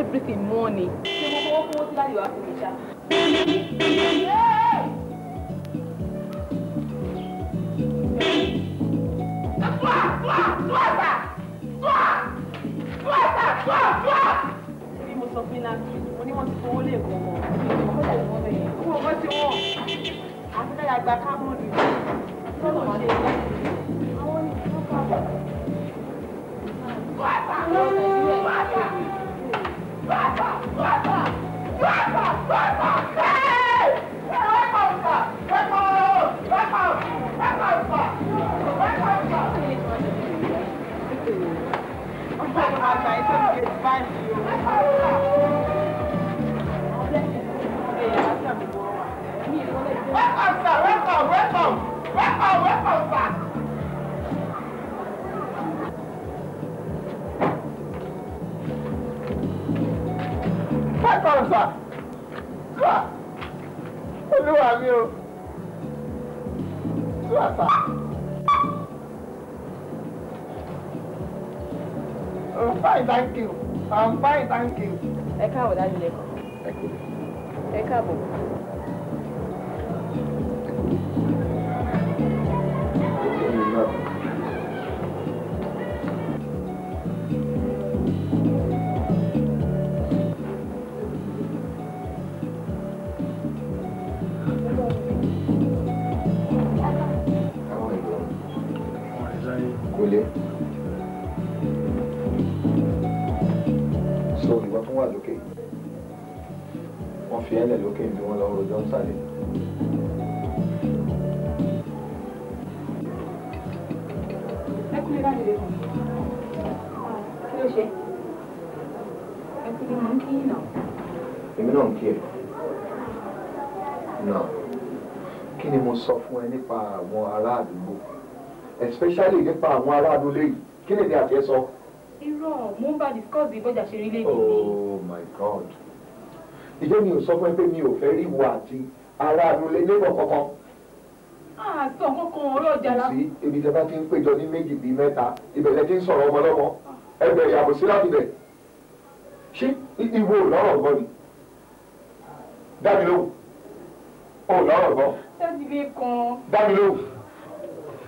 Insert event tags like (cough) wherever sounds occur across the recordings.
everything money. ṣé mo fọwọ́ fún ó sí láyé wá fún mi ṣá. bí mo sọ fún iná mo ní wọ́n ti fowó lè kọ́ wọn kó lè wọ́n bẹ̀yẹn kó wọ́n bọ́ sí wọn àti bẹ́ẹ̀ àgbà kámọ́ọ̀nù lọ́nà máa lè lọ àwọn ìfowópamọ́. Bàtà! Bàtà! Welcome, sir. Welcome, welcome. Welcome, welcome, sir. five thousand olúwa mi o sir sir. I'm fine, thank you. I'm fine, thank you. Ẹ káàbọ̀ dájú lẹ́kọ̀ọ́. Ẹ káàbọ̀. Ẹ káàbọ̀. especially nípa àwọn aráàlú lẹ́yìn kí lèmi àti ẹ sọ. irọ́ mo bá discuss bí bọ́jà ṣe rí lẹ́yìn oh mi. oh my god. ìjọ mi ò sọ fún ẹ pé mi ò fẹ́ rí ìwọ àti aráàlú lẹ́bọ̀ kankan. àtọ̀ ah, kankan ọ̀rọ̀ ọjà la. sí ibi tẹ bá ti ń péjọ ní méjì bíi mẹ́ta ìbẹ̀lẹ̀ ti ń sọ̀rọ̀ ọmọlọ́mọ ẹgbẹ́ ìyàbò sí láti bẹ̀. ṣé ìwọ ò lọ́rọ̀ gbọ́ ni? dá mi lóhùn. ò lọ́rọ̀ gbọ́. dá mi lóhùn.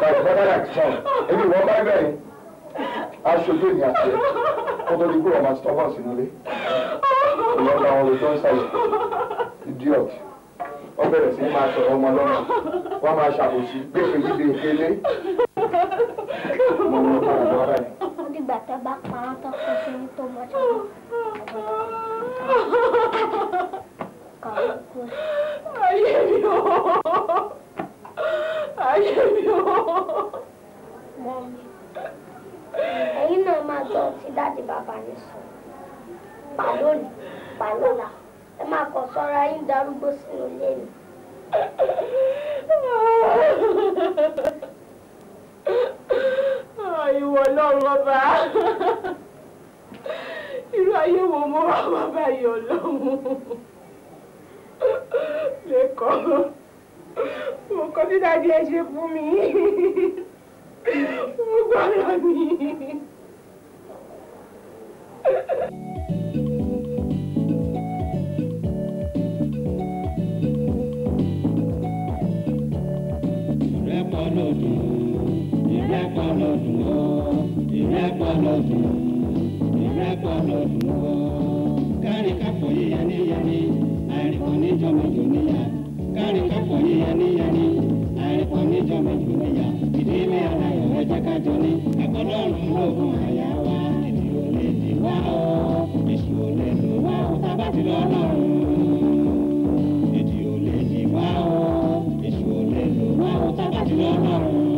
by brother and son èmi ìwọ bá bẹ̀rẹ̀ aṣojú èmi àti ẹ kó tó di pé ọmọ àti tọ́fà sínú ilé àwọn olùtọ́ ń ṣàyẹ̀ idiot wọ́n bẹ̀rẹ̀ sí máa sọ̀rọ̀ ọmọ lọ́nà wọ́n máa ṣàkóso gbèsè gbígbé ìkélé mo mọ ọmọ àgbà rẹ̀. ó dìgbà tẹ bá pa á tó kó sí ní tó mọ́tò kàwé kú. ayé mi ò. Ay, um no. Ẹ̀yin náà máa tọ́ ti dáàdì bàbá ní sùn. Pàlónì, pàlónà, ẹ máa kọ̀ sọ́ra yín sínú ilé mi. Ìwọ lọ́rùn ọba. Irú ayé wo mo wá wá báyìí mo kọ́ sí dájú ẹ ṣe fún mi mo gbọ́dọ̀ ni. ìrẹ́pọ̀ lọ́dún ìrẹ́pọ̀ lọ́dún ọ́ ìrẹ́pọ̀ lọ́dún ìrẹ́pọ̀ lọ́dún ọ́ kárí kápò yíyaníyaní àìrìkọ́ níjọ́ mọ́jọ́ níyà kárì kápò ní yaníyaní àìkò níjọba ìjọba ìdílé aláyọ̀ ẹ̀jẹ̀ kájọ ní àgbọ̀dọ̀rùn lóògùn àyà wa èdè ò lè dì wa o èsì ò lè lù wá o tábà ti lọ lọ́rùn èdè ò lè dì wá o èsì ò lè lù wá o tábà ti lọ lọ́rùn.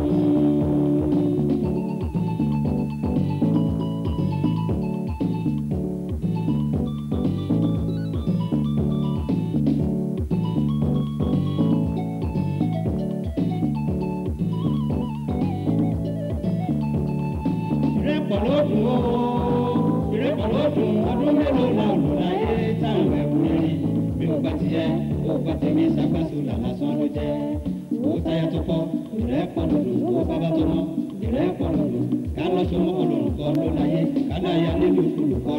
ìrẹ́pọ̀ lóṣù o ìrẹ́pọ̀ lóṣù ọdún mélòó la lò láyé táwọn ẹ̀kú rẹ̀ bí ó gbà ti yẹ ó gbà tẹ̀mí ṣàgbàsó làlásán ló jẹ́ ó táyà tó pọ̀ ìrẹ́pọ̀ lòlù ó bàbá tó mọ́ ìrẹ́pọ̀ lòlù kálọ́ sọmọ́ ọlọ́run kọ́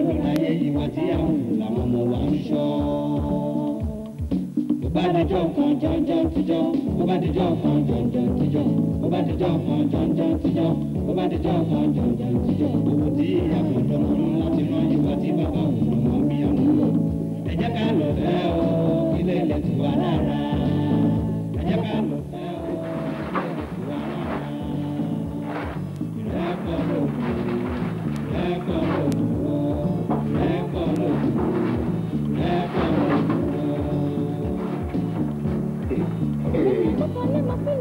ló láyé ìwà tí àwọn làwọn ọmọ wa ń ṣọ́ bá dijọ́ kan jọjọ́ tíjọ́ bó bá dijọ́ kan jọjọ́ tíjọ́ bó bá dijọ́ kan jọjọ́ tíjọ́ bó bá dijọ́ kan jọjọ́ tíjọ́ owó tí ìyàwó dọ̀mọ́ láti rán ìwà tí bàbá òun dọ̀mọ́ mi ọ̀hún lò ẹ jẹ́ ká lọ fẹ́ o ilé ilẹ̀ tí wà lára ẹ jẹ́ ká lọ fẹ́ o ilé ilẹ̀ tí wà lára ìrẹ́pọ̀ lòkùn ìrẹ́pọ̀ lòkùn.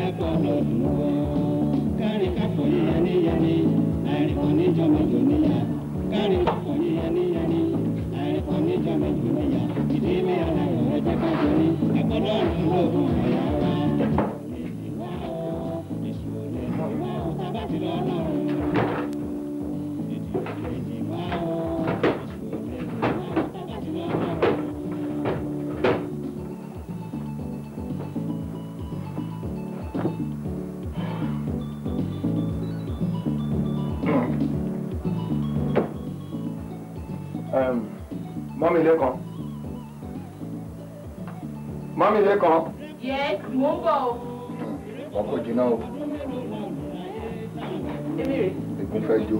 kápò lọ́dúnwó kárí kápò yíyaníyaní àìríkò níjọmọjò níyà kárí kápò yíyaníyaní àìríkò níjọmọjò níyà mọ́mí lẹ́kọ̀ọ́ mọ́mí lẹ́kọ̀ọ́. yẹ mò ń bọ̀ o. wọn kò jiná o. ègún fẹ́ jó.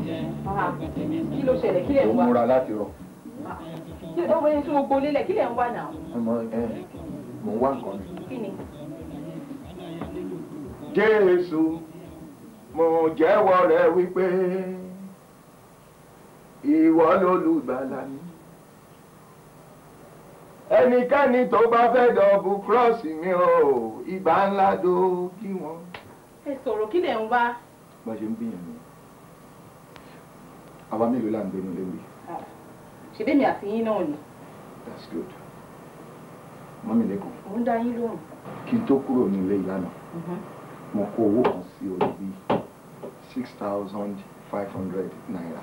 kí ló ṣẹlẹ̀ kí lè ń wá. ó múra láti rọ. ọmọ yẹn tí mo gbọ́ lélẹ̀ kí lè ń wá náà. ọmọ ẹ mò ń wá nǹkan mi. kí ni. jésù mo jẹ́wọ́ rẹ wípé ìwọ lolùgbàlà mi ẹnikẹ́ni tó bá fẹ́ dọ̀bù kírọ́ọ̀sì mi o ìbá ńlá dojú wọn. ẹ sọ̀rọ̀ kí lẹ̀ ń wá. bá a ṣe ń gbìyànjú àwa mélòó là ń gbénu léwu yìí. ṣèbémi àti yín náà ni. that's good mọ́mí lẹ́kọ̀ọ́. mo ń dá yín lóhùn. kí n tó kúrò ní ilé ìlànà mhm. mo kó owó kan sí orí bíi six thousand five hundred naira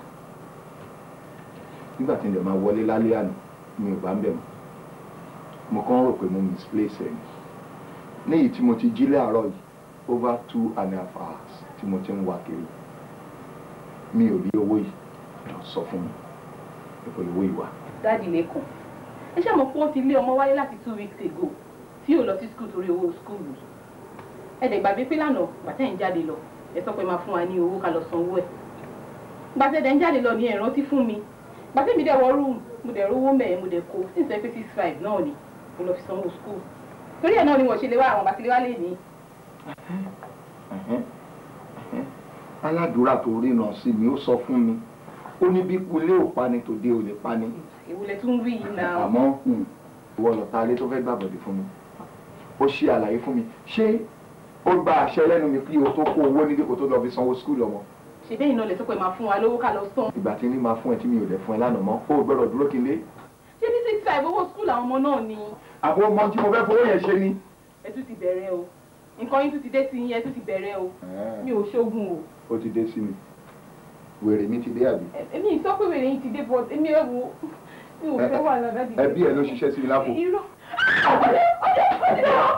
nígbà tí n lè máa wọlé lálẹ́ àná mi ò bá ń bẹ̀ mọ́ mo kàn rò pé mo misplace ẹ̀ ní èyí tí mo ti jí láàárọ̀ yìí over two and a half hours tí mo ti ń wá kiri mi ò rí owó yìí lọ sọ fún mi ipò ìwé ìwà. dáàdì lẹ́kọ̀ọ́ ẹ ṣe mọ̀ pé wọ́n ti lé ọmọ wáyé láti two weeks ago tí yóò lọ sí school torí owó school ẹ dẹ̀ gbàgbé pé lánàá bàtẹ́ ń jáde lọ ẹ sọ pé máa fún wa ní owó ká lọ sanwó ẹ̀ gbàtẹ́ dẹ̀ ń jáde lọ ní ẹ̀rántí fún mi gbàtẹ́ mi dẹ̀ wọ rúùmù mo dẹ̀ rówó mẹ́ẹ̀ mo dẹ̀ kó sí ìsọ pé six five náà ni mo lọ fi sanwó school torí ẹ̀ náà ni wọ́n ṣe lè wá àwọn bàtí lè wá lè ní. aládùúrà tó rí náà sí mi ó sọ fún mi ó ní bí kulé ò pani tòde ò lè pani. ìwúlẹ̀ tún wí yìí náà. àmọ́ hmm, ìwọ lọ ta ilé tó fẹ́ gbàbọ̀dé fún mi ó ṣe àlàyé fún mi ṣé ó gba àṣẹ lẹ́nu mi kí o tó kó owó nílé kó tó lọ fi sanwó skul ọmọ ṣèbí ìná lè tó pé máa fún wa lówó ká lọ sàn. ìgbà tí ní máa fún ẹ tí mi ò lè fún ẹ lánàá mọ́ ó gbọ́dọ̀ dúró kí n lé. ṣé ní six five owó skul àwọn ọmọ náà ni àbọ̀ ọmọ tí mo fẹ́ fowó yẹn ṣe ni. ẹ tún ti bẹ̀rẹ̀ o nǹkan yín tún ti dé sí yín ẹ tún ti bẹ̀rẹ̀ o mi ò ṣoògùn o. ó ti dé sí mi wèrè mi ti dé àbí. èmi sọ pé wèrè yín ti dé but èmi ẹ wo mi ò fẹ́ wà lọ́dọ̀ dìde. ẹbí ẹ ló ṣiṣẹ́ sí mi lápò. irọ́ ọ̀dẹ̀ ọ̀dẹ̀ ọ̀dẹ̀ ọ̀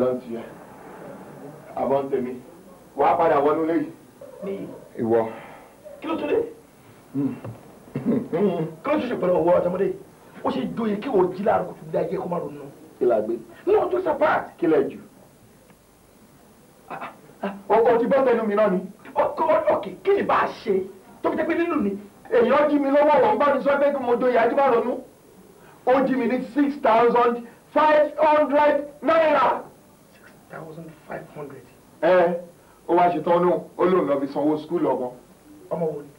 lọ́n ti yẹ àbọ̀ ń tèmi wàá padà wọnú léyìí. níyì. ìwọ. kí ló tún dé. Hmm. (laughs) kí ló tún ṣe pẹ̀lú ọwọ́ ọ̀tọ́mọdé ó ṣe joyè kí wọ́n jí láàárọ̀ kó tún dé ayé kó má ronú. kí la gbé. no just apart. kí la jù. ọkọ ti bọ́ tẹnu mi náà ni. ọkọ ọkẹ kí ni bá a ṣe tó fi jẹ́ pé nínú ni. èèyàn jí mi lọ́wọ́ wọn bá mi sọ pé kí mo joyè ajé má ronú ó jí mi ní six thousand five hundred naira thousand five hundred. ẹ O wá ṣe tán lóhùn ó lóun lọ fi sanwó skul ọmọ. ọmọ wo ni.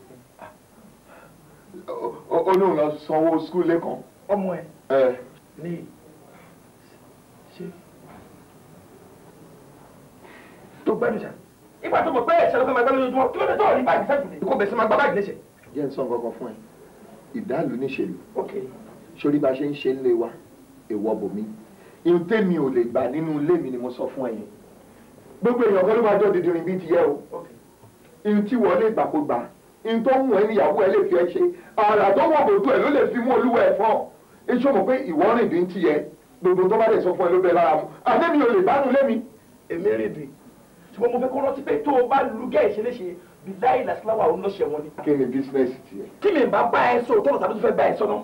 ó lóun lọ sanwó skul lẹ́kàn. ọmọ ẹ. ní ṣe tó gbẹ́nu ṣá ìgbà tó mọ̀ pé ẹ̀ṣẹ̀ ló fẹ́ máa gbá lójoojúmọ́ kí ló dé tó rí báàgì sẹ́kùn ní kó bẹ̀rẹ̀ sí máa gbá báàgì léṣe. jẹ́ ń sọ kankan fún ẹ ìdálù níṣèlú sórí bá ṣe ń ṣe ń lé wa èèwọ̀ bòmí ihun tèmi ò lè gbà nínú ilé mi ni mo sọ fún ẹ̀yin gbogbo èèyàn kan ló máa jọ dídìrín bíi ti yẹ o ihun tí wọ́n lè gbà kó gbà ihun tó wù ẹ́ níyàwó ẹ lè fi ẹ ṣe àrà tó wọ̀ bòtú ẹ ló lè fi mú olúwa ẹ fọ́ iṣẹ́ mọ̀ pé ìwọ rìn bí ti yẹ gbogbo tó bá lè sọ fún ẹ ló bẹ lára mu àlẹ́ mi ò lè bá nu lé mi. èmi rìn bì ṣùgbọ́n mo fẹ́ kó rántí pé tó o bá lu gẹ́ ìṣeléṣe bíláì làṣíláwà òun lọ́ṣẹ̀ wọn ni. kí ni bísínẹ́sì tiẹ̀. kí mi bá bá ẹ sọ òtọ́nà tàbí tó fẹ́ bá ẹ sọ náà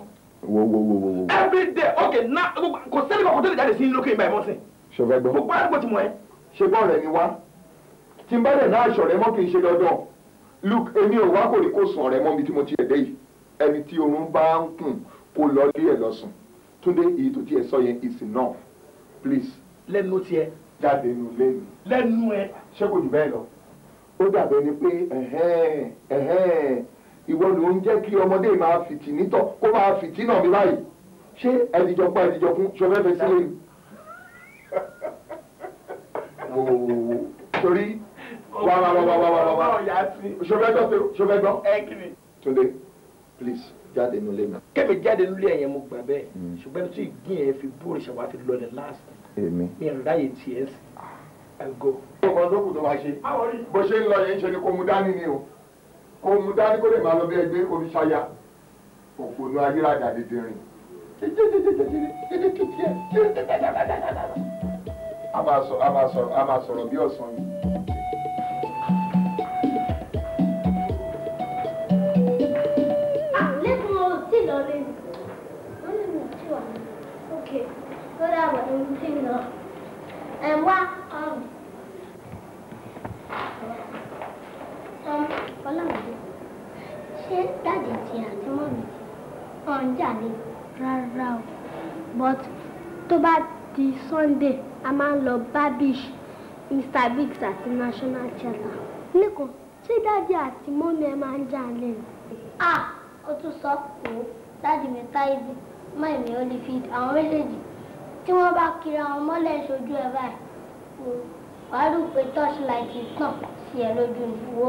wo wo wo wo. every day okay na kò sẹ́ni kan kò tó lè jáde sí lókè ìgbà ìmọ̀ sí. ṣọfẹ́ gbọ́. gbogbo àdúgbò ti mọ̀ ẹ́. ṣe bọ́ọ̀lù ẹni wá tí n bá dẹ̀ náà ṣọ̀rẹ́ mọ́ kì í ṣe dandan look èmi ò wá kò ní kó sùn ọ̀rẹ́ mọ́ mi tí mo ti ẹ̀dẹ́ yìí ẹni tí oorun bá ń kùn kó lọ lé ẹ̀ lọ sùn túndé èyí tó tiẹ̀ sọ yẹn is enough please. lẹ́nu tiẹ̀. jáde nù lẹ́nu. lẹ́nu ẹ. ṣé kò jù bẹ́ẹ̀ lọ ó dàbẹ̀ ni pé ẹ̀hẹ́n ẹ̀hẹ́n ìwọ ló ń jẹ́ kí ọmọdé máa fìtì nítọ̀ kó máa fìtì náà mi báyìí ṣé ẹ̀dìjọ́ pa ẹ̀dìjọ́ fún ṣọfẹ́fẹ́ wa wa wa wa wa ṣọfẹ́gbọ́ ṣọfẹ́gbọ́. Túndé please jáde nulẹ̀ mi. kẹ́mi jáde nulẹ̀ yẹn mo gbà bẹ́ẹ̀ hmm. ṣùgbọ́n tí ìgbín yẹn fi bóòrè ṣàwáfi lọ ní láàsì mi ń ráyè tiẹ̀ sí. Ah. ọkọ̀ ọdún kù tó máa ṣe bó ṣe ń lọ yẹn ń ṣe ni kò mú dání ni o kó mu dání kó lè máa lọ bí ẹgbẹ́ oríṣayá òpònú ayélujára dídìrín. a máa sọ a máa sọ a máa sọ̀rọ̀ bí ọ̀sán yìí. Ah, lẹ́kùn o tí lọ lé mi wọ́n ní mi tí wà ní ṣé dáàdì àti àǹtí mọ́mì wọn ń jà rárá o but tó bá di sunday a máa ń lọ babish mr biggs àti national theatre nìkan ṣé dáàdì àti mọ́mì ẹ máa ń jà lẹ́nu. a ó tún sọ pé dáàdì mi táìbì mọ́ẹ̀mí Holyfield àwọn méjèèjì tí wọ́n bá kiri àwọn mọ́lẹ̀ ṣojú ẹ̀ báyìí wàá rò pé torchlight tàn sí ẹ lójú ìwò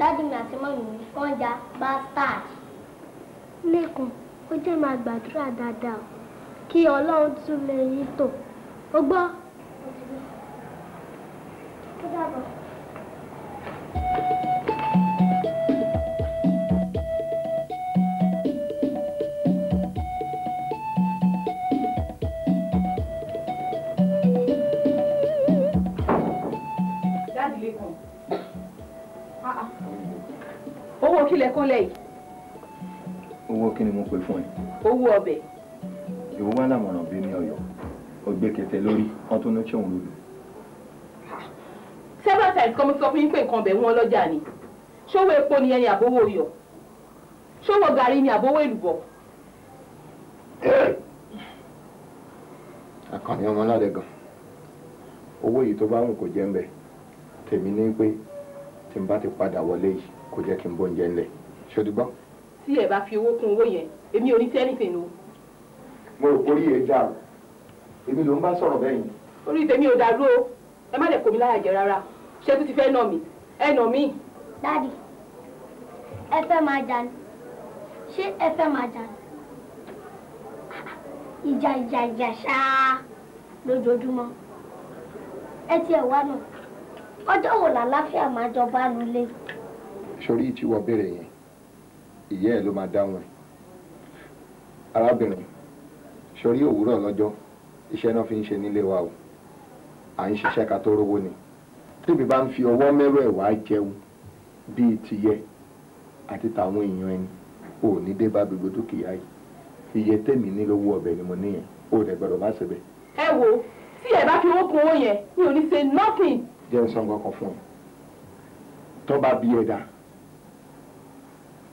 dádì mi àti mọ́mì mi wọ́n ja bastard. lẹ́kùn ó jẹ́ máa gbàdúrà dáadáa kí ọlọ́run tún lè yí tò ó gbọ́. ó dàbọ̀. kulẹ̀ kúnlẹ̀ yìí. owó kí ni mo pè fún ẹ. owó ọbẹ̀. ìwọ wá lámọ̀ràn bí ní ọ̀yọ́ ọgbẹ́ kẹtẹ lórí wọn tó ní ṣéun lólu. several times kọ́ mi sọ fún yín pé nǹkan ọbẹ̀ wọn lọ́jà ni ṣówó epo ni ẹni àbówó yọ ṣówó gàrí ni àbówó èlùbọ́. àkànní ọmọládé gan owó yìí tó bá wù kó jẹ́ ń bẹ̀ tèmi ní pé tí n bá ti padà wọlé yìí kò jẹ́ kí n bóúnjẹ ńlẹ̀ ṣó ti gbọ́. tí ẹ bá fi owó kún owó yẹn èmi ò ní fẹ́ nífẹ̀ẹ́ nu. mo rò orí ẹ já o èmi ló ń bá sọ̀rọ̀ bẹ́yìn. orí tèmi ò dàrú o ẹ má dẹ̀ kó mi láyà jẹ rárá ṣé tó ti fẹ́ nà mí ẹ nà mí. dádì ẹ fẹ́ máa jà ní ṣé ẹ fẹ́ máa jà ní ìjà ìjà ìjà ṣáá lójoojúmọ́ ẹ tiẹ̀ wá náà ọjọ́ wo làlàáfíà máa jọba nulẹ̀ sórí tí wọ́n béèrè yẹn ìyá ẹ̀ ló máa dáhùn ẹ̀ arábìnrin sórí òwúrọ̀ lọ́jọ́ iṣẹ́ náà fi ń ṣe nílé wa o à ń ṣiṣẹ́ ká tó rówó ni tèmi bá ń fi ọwọ́ mẹ́wẹ̀ẹ̀wá jẹun bíi tiyẹ àti tàwọn èèyàn ẹni ò ní dé bá gbogbo dúkìá yìí iye tèmi ní lówó ọbẹ̀ ni mo níyẹn ò dẹ̀ gbọ́dọ̀ má ṣe ẹ wo tí ẹ bá fi owó kun owó yẹn mi ò ní ṣe nothing. jẹ́ ń sọ nǹkan kan fún ẹ tó bí ẹ dáa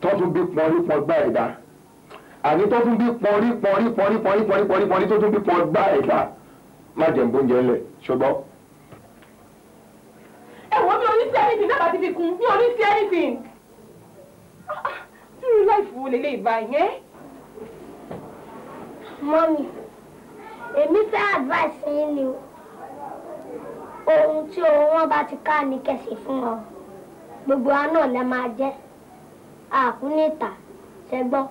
tọ́tún bí pọnrí pọn gbá ẹ̀dá àní tọ́tún bí pọnrí pọnrí pọnrí pọnrí pọnrí pọnrí pọnrí tọ́tún bí pọn gbá ẹ̀dá má jẹ̀ ń bóúnjẹ ńlẹ̀ ṣùgbọ́n. ẹ wo mi ò ní sí anything náà bá ti fi kún mi ò ní sí anything dúró láìfù wo lélẹ́ ìbá yẹn. mọ́mí èmi fẹ́ advice yín ni o ohun tí ohun wọn bá ti ká ní kẹsì fún ọ gbogbo wa náà lè máa jẹ́ àkú níta ṣẹgbọ́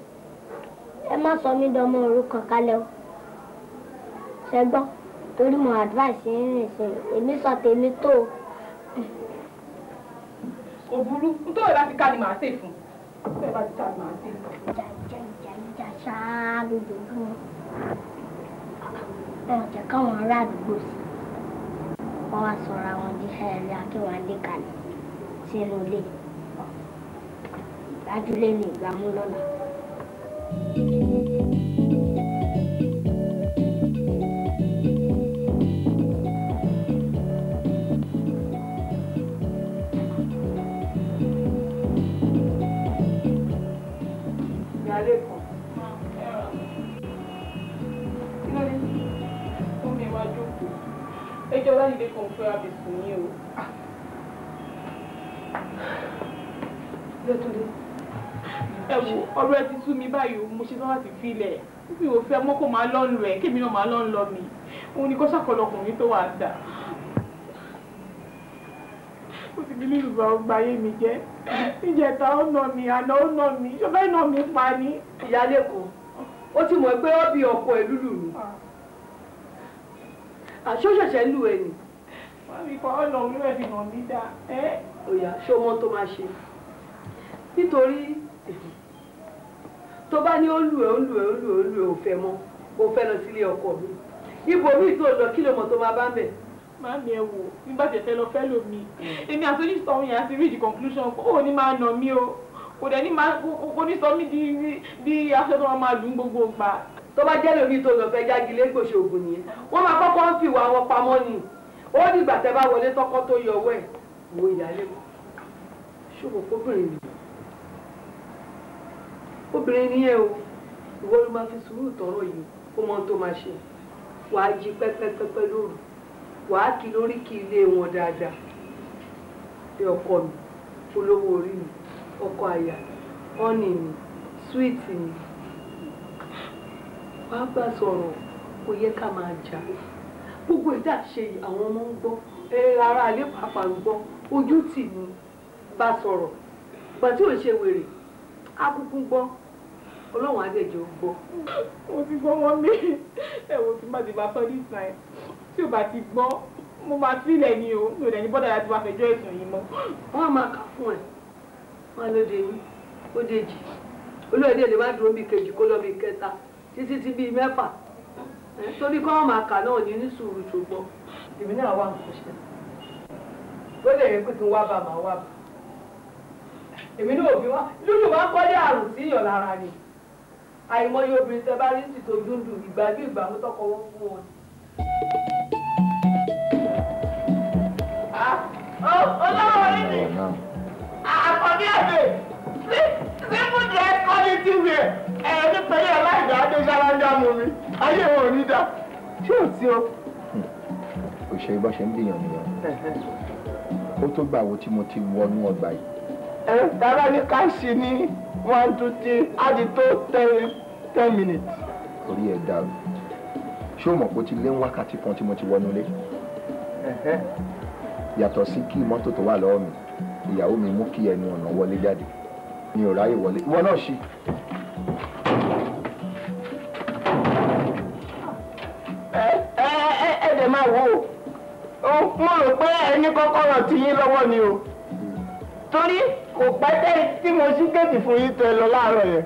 ẹ má sọ mí dọmọ òrukàn kalẹ̀ o ṣẹgbọ́ torí mo advice yín rìn sí èmi sọ tèmi tó o. kò burú nítorí bá ti ká ni màá sè fún nítorí bá ti ká ni màá sè fún. ìjà ìjà ìjà ìjà ṣáá lójoojúmọ́ wọn ò jẹ́ káwọn ará àdúgbò sí wọ́n wá sọra wọn di ẹ̀rí akínwádé kalẹ̀ sínú ilé ìgbájúlé ni ìgbámú lọ́la. ẹjọ́ láyìnbé kan fẹ́ abẹ̀sùn ní o. Ah. lótú dé ẹ wo ọ̀rọ̀ ẹ ti sú mi báyìí o mo ṣe tán láti filẹ̀ mi ò fẹ́ mọ́ kó máa lọ́nu ẹ̀ kémi náà máa lọ́nu lọ mi òun ni kó ṣàkọlọkùnrin tó wà dà ó ti bí lílù bá ọgbà ayé mi jẹ́ ìjẹta ó nà mí àná ó nà mí ṣọfẹ́ nà mí pa ni. ìyáálé kò ó ti mọ̀ pé ó bí ọkọ ẹ̀ lùlù ni ah. àṣọṣẹ̀ṣẹ̀ lù ẹ̀ ni. wọ́n mi kọ́ ọ̀nà òwúrọ̀ ìdìbò mi dá. ó ṣé o mọ tó máa ṣe nítorí tó bá ní ó lù ẹ́ ó lù ẹ́ ó lù ẹ́ ó lù ẹ́ ò fẹ́ mọ́ ó fẹ́ lọ sílé ọkọ mi ibo mi tó lọ kí ló mọ̀ tó máa bá ń bẹ̀. Màámi ẹ wò bí bá tẹ̀fẹ́ lọ fẹ́ lò mí. Hmm. Èmi àti oníṣòwò yẹn àti read conclusion kó òní máa nà mí o. Kò dẹ̀ ní máa kó ní sọ mí di aṣọ tó máa lù ú gbogbo gbà. Tó bá jẹ́ lórí tó lọ fẹ́ jágilé gbòṣe ògùn nìyẹn. Wọ́n máa kọ́kọ́ ń fi ìwà wọn pamọ́ ni. Ó dìgbà tẹ́ bá wọlé tọ́kọ́ tó yọ ọwọ́ ẹ̀. Wo ìyáálé wọn. Ṣòwò fóbìnrin nìyẹn obìnrin ni ẹ o ìwọ ló máa fi sùúrù tọrọ yìí kó mọ tó máa ṣe wàá jí pẹ́pẹ́pẹ́pẹ́ lóru wàá kí lórí kí ilé wọn dáadáa ẹ ọkọ mi olówó orí mi ọkọ àyà ọ́nì mi súwìtì mi wàá bá sọ̀rọ̀ kò yẹ ká máa jà gbogbo ìdá ṣe àwọn ọmọ ń gbọ́ ara alẹ́ pàápàá ń gbọ́ ojú tì ní bá sọ̀rọ̀ gbàtí ò ṣe wèrè akúkú gbọ́ ọlọ́run àgbẹ̀jọ gbọ́. mo ti gbọ́ wọn lé ẹ̀wọ̀n tí má ti bá tọ́ this time tí ò bá ti gbọ́ mo máa sílẹ̀ ni o mi ò dẹ̀ ní bọ́dà láti wá fẹjọ́ ẹ̀sùn yìí mọ́. wọ́n á máa kà fún ẹ̀ wọ́n á lóde yín ó dèjì olóòdè lè má dúró bíi kejì kó lọ bíi kẹta títí tí bíi mẹ́fà torí kọ́ wọn máa kà náà ní ní sùúrù ṣùgbọ́n. èmi náà wà nǹkan ṣe ó lè wá bàbá wá bà èmi náà ò bí lúlù wá kọ́lé àrùn sí lára ni àìmọye obìnrin tẹ bá rí sí tójú ń dùn ìgbà bí ìgbà mú tọkọ wọn fún wọn. Ah, oh, olówó rí ni ah, àkọ́bí ẹ̀fẹ̀ simple dress quality wear ẹ̀rọ ní pẹ̀lú ẹ̀ láì dá dé ṣáláńdá mu mi ayé wọn ò ní dá ṣé ò tí o. kò hm, ṣe bó ṣe ń bìyàn nìyẹn ó tó gbà wo tí mo ti wọnú ọgbà yìí. ẹ tàbá ní ká ṣe ní one two three Add it tó ten ten minutes. orí ẹ̀ dàrú ṣé o mọ̀ pé ó ti lé wákàtí kan tí mo ti wọnú lé. yàtọ̀ sí kí mọ́tò tó wà lọ́wọ́ mi ìyàwó mi mú kí ẹnu ọ̀nà wọlé jáde mi ò ráyè wọlé ìwọ náà ṣe. ẹ ẹ ẹ ẹ dẹ̀ máa wò ó mo rò pé ẹni kọ́kọ́rọ́ ti yín lọ́wọ́ ni o torí kò pẹ́ tẹ́lẹ̀ tí mo ṣí géètì fún yín tẹ lọ láàárọ̀ yẹn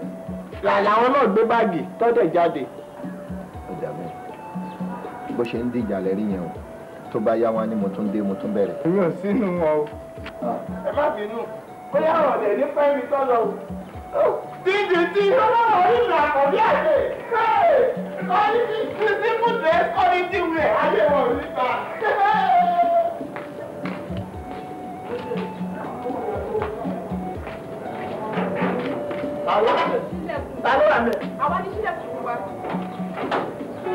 làwọn náà gbé báàgì tọ́tẹ̀ jáde. ọjà mi bó ṣe ń dìjà lẹ́rí yẹn o tó bá yá wọn ni mo tún dé mo tún bẹ̀rẹ̀. èmi ò sínú wọn o. Ah. ẹ má bínú bóyá ọ̀rẹ́ ní fẹ́ mi lọ o. Oh, díje tí ọlọ́run ìlú àkọ́bí àgbẹ̀ káyè ọ̀rẹ́ ti ti ti kùtẹ́ ọ̀rẹ́ ti wẹ̀ ayé wọn níta. àwọn ọ̀sẹ̀ ta ló wà mẹ́. àwa ní sílẹ̀ fún wa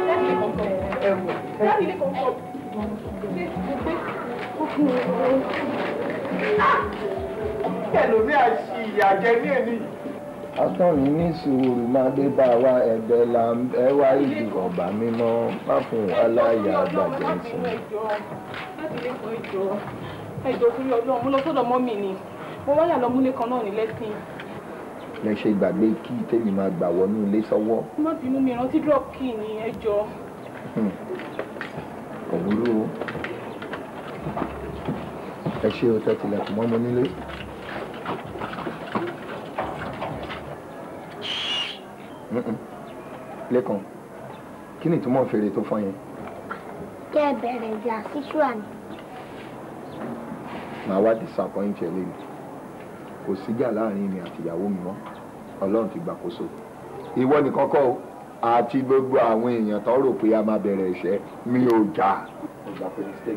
lẹ́yìn ilé kọ̀ọ̀kan ẹ̀wọ̀ lẹ́yìn ilé kọ̀ọ̀kan ẹlòmíà ṣì ìyàjẹ ní èmi. akọrin ní sùúrù máa dé bá wa ẹ̀bẹ̀ là ẹ wá ìdí ọba mímọ́ má fún wa láyà àgbàjẹ ìsìn. ẹjọ́ kúrò Ọlọ́run lọ sọ́dọ̀ mọ mi ni mo wáyà lọ múlé kan náà ní lẹsìn mo ṣe gbàgbé kí tèmi máa gbà wọnú ilé sọ́wọ́. má bínú mi rántí drop key ni ẹ jọ. Hmm. kò o ẹ ṣe o tẹ́tí ilẹ̀kùn mọ́ nílé. lẹ́kàn kí ni ìtumọ̀ fèrè tó fọ́n yẹn. kẹ́ ẹ bẹ̀rẹ̀ ìjà síṣúà ni. màá wá disappoint ẹ lẹ́nu kò síjà láàrin mi àtìyàwó mi mọ́ ọlọ́run ti gbàkóso ìwọ nìkan kọ́ o àti gbogbo àwọn èèyàn tó rò pé a máa bẹ̀rẹ̀ iṣẹ́ mi ò jà. ọgbà pé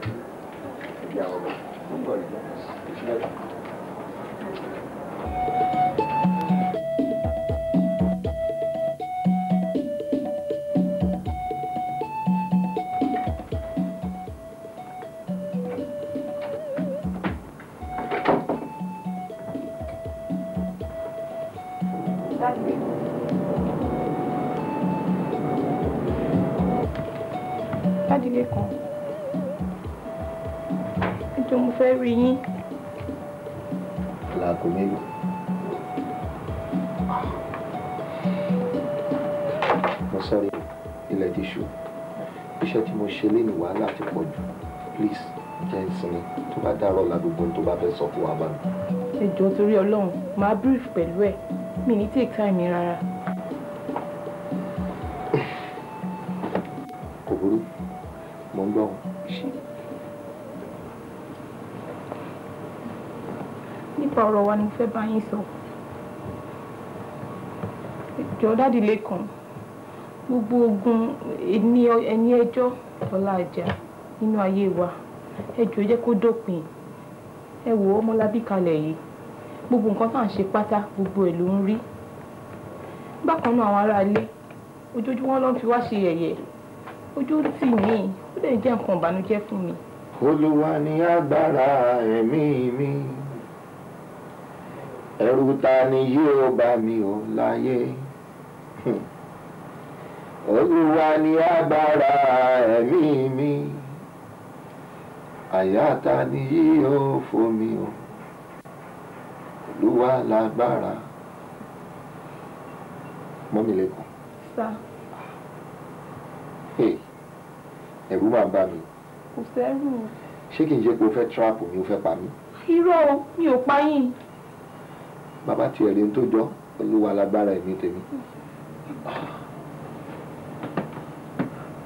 ládìlé kan nítorí mo fẹ́ rí yín. láago mélòó. mo sáré ilẹ̀ ti ṣù iṣẹ́ tí mo ṣe léni wàhálà ti pọ̀ jù please jẹ́ ìsinmi tó bá dárọ̀ la gbogbo ohun tó bá fẹ́ sọ fún wa bá mi. ẹ jọ̀ọ́ torí Ọlọ́run màá brief pẹ̀lú ẹ̀. mi ní take time rárá. ọ. wa ni mo fẹ́ bá yín sọ ìjọ dáàdì gbogbo ogun ẹni ejo, ọ̀la aja n'inu aye wa ẹjọ́ jẹ́ kó dópin ẹ wò gbogbo nǹkan tá à ń ṣe pátá gbogbo ẹ̀ ló ń rí bákan náà àwọn ará ilé ojoojúmọ́ ló ń fi wá ṣe yẹ̀yẹ̀ ojú tì mí ó lè jẹ́ nǹkan ìbànújẹ́ fún mi. olúwa ni agbára ẹ̀mí mi ẹ̀rù ta ni yóò bá mi ò láyé (laughs) olúwa ni agbára ẹ̀mí mi àyà ta ni yóò fò mí o ló wà lágbára mọ́mí lẹ́kọ̀ọ́. sá. ẹ̀rù máa ń bá mi. kò sẹ́rù. ṣé kì í ṣe pé o fẹ́ tíráàpù mi o fẹ́ pa mí. irọ́ mi ò pa yín. bàbá tiẹ̀ rí n tó jọ olúwa lágbára ẹ̀mí tèmi.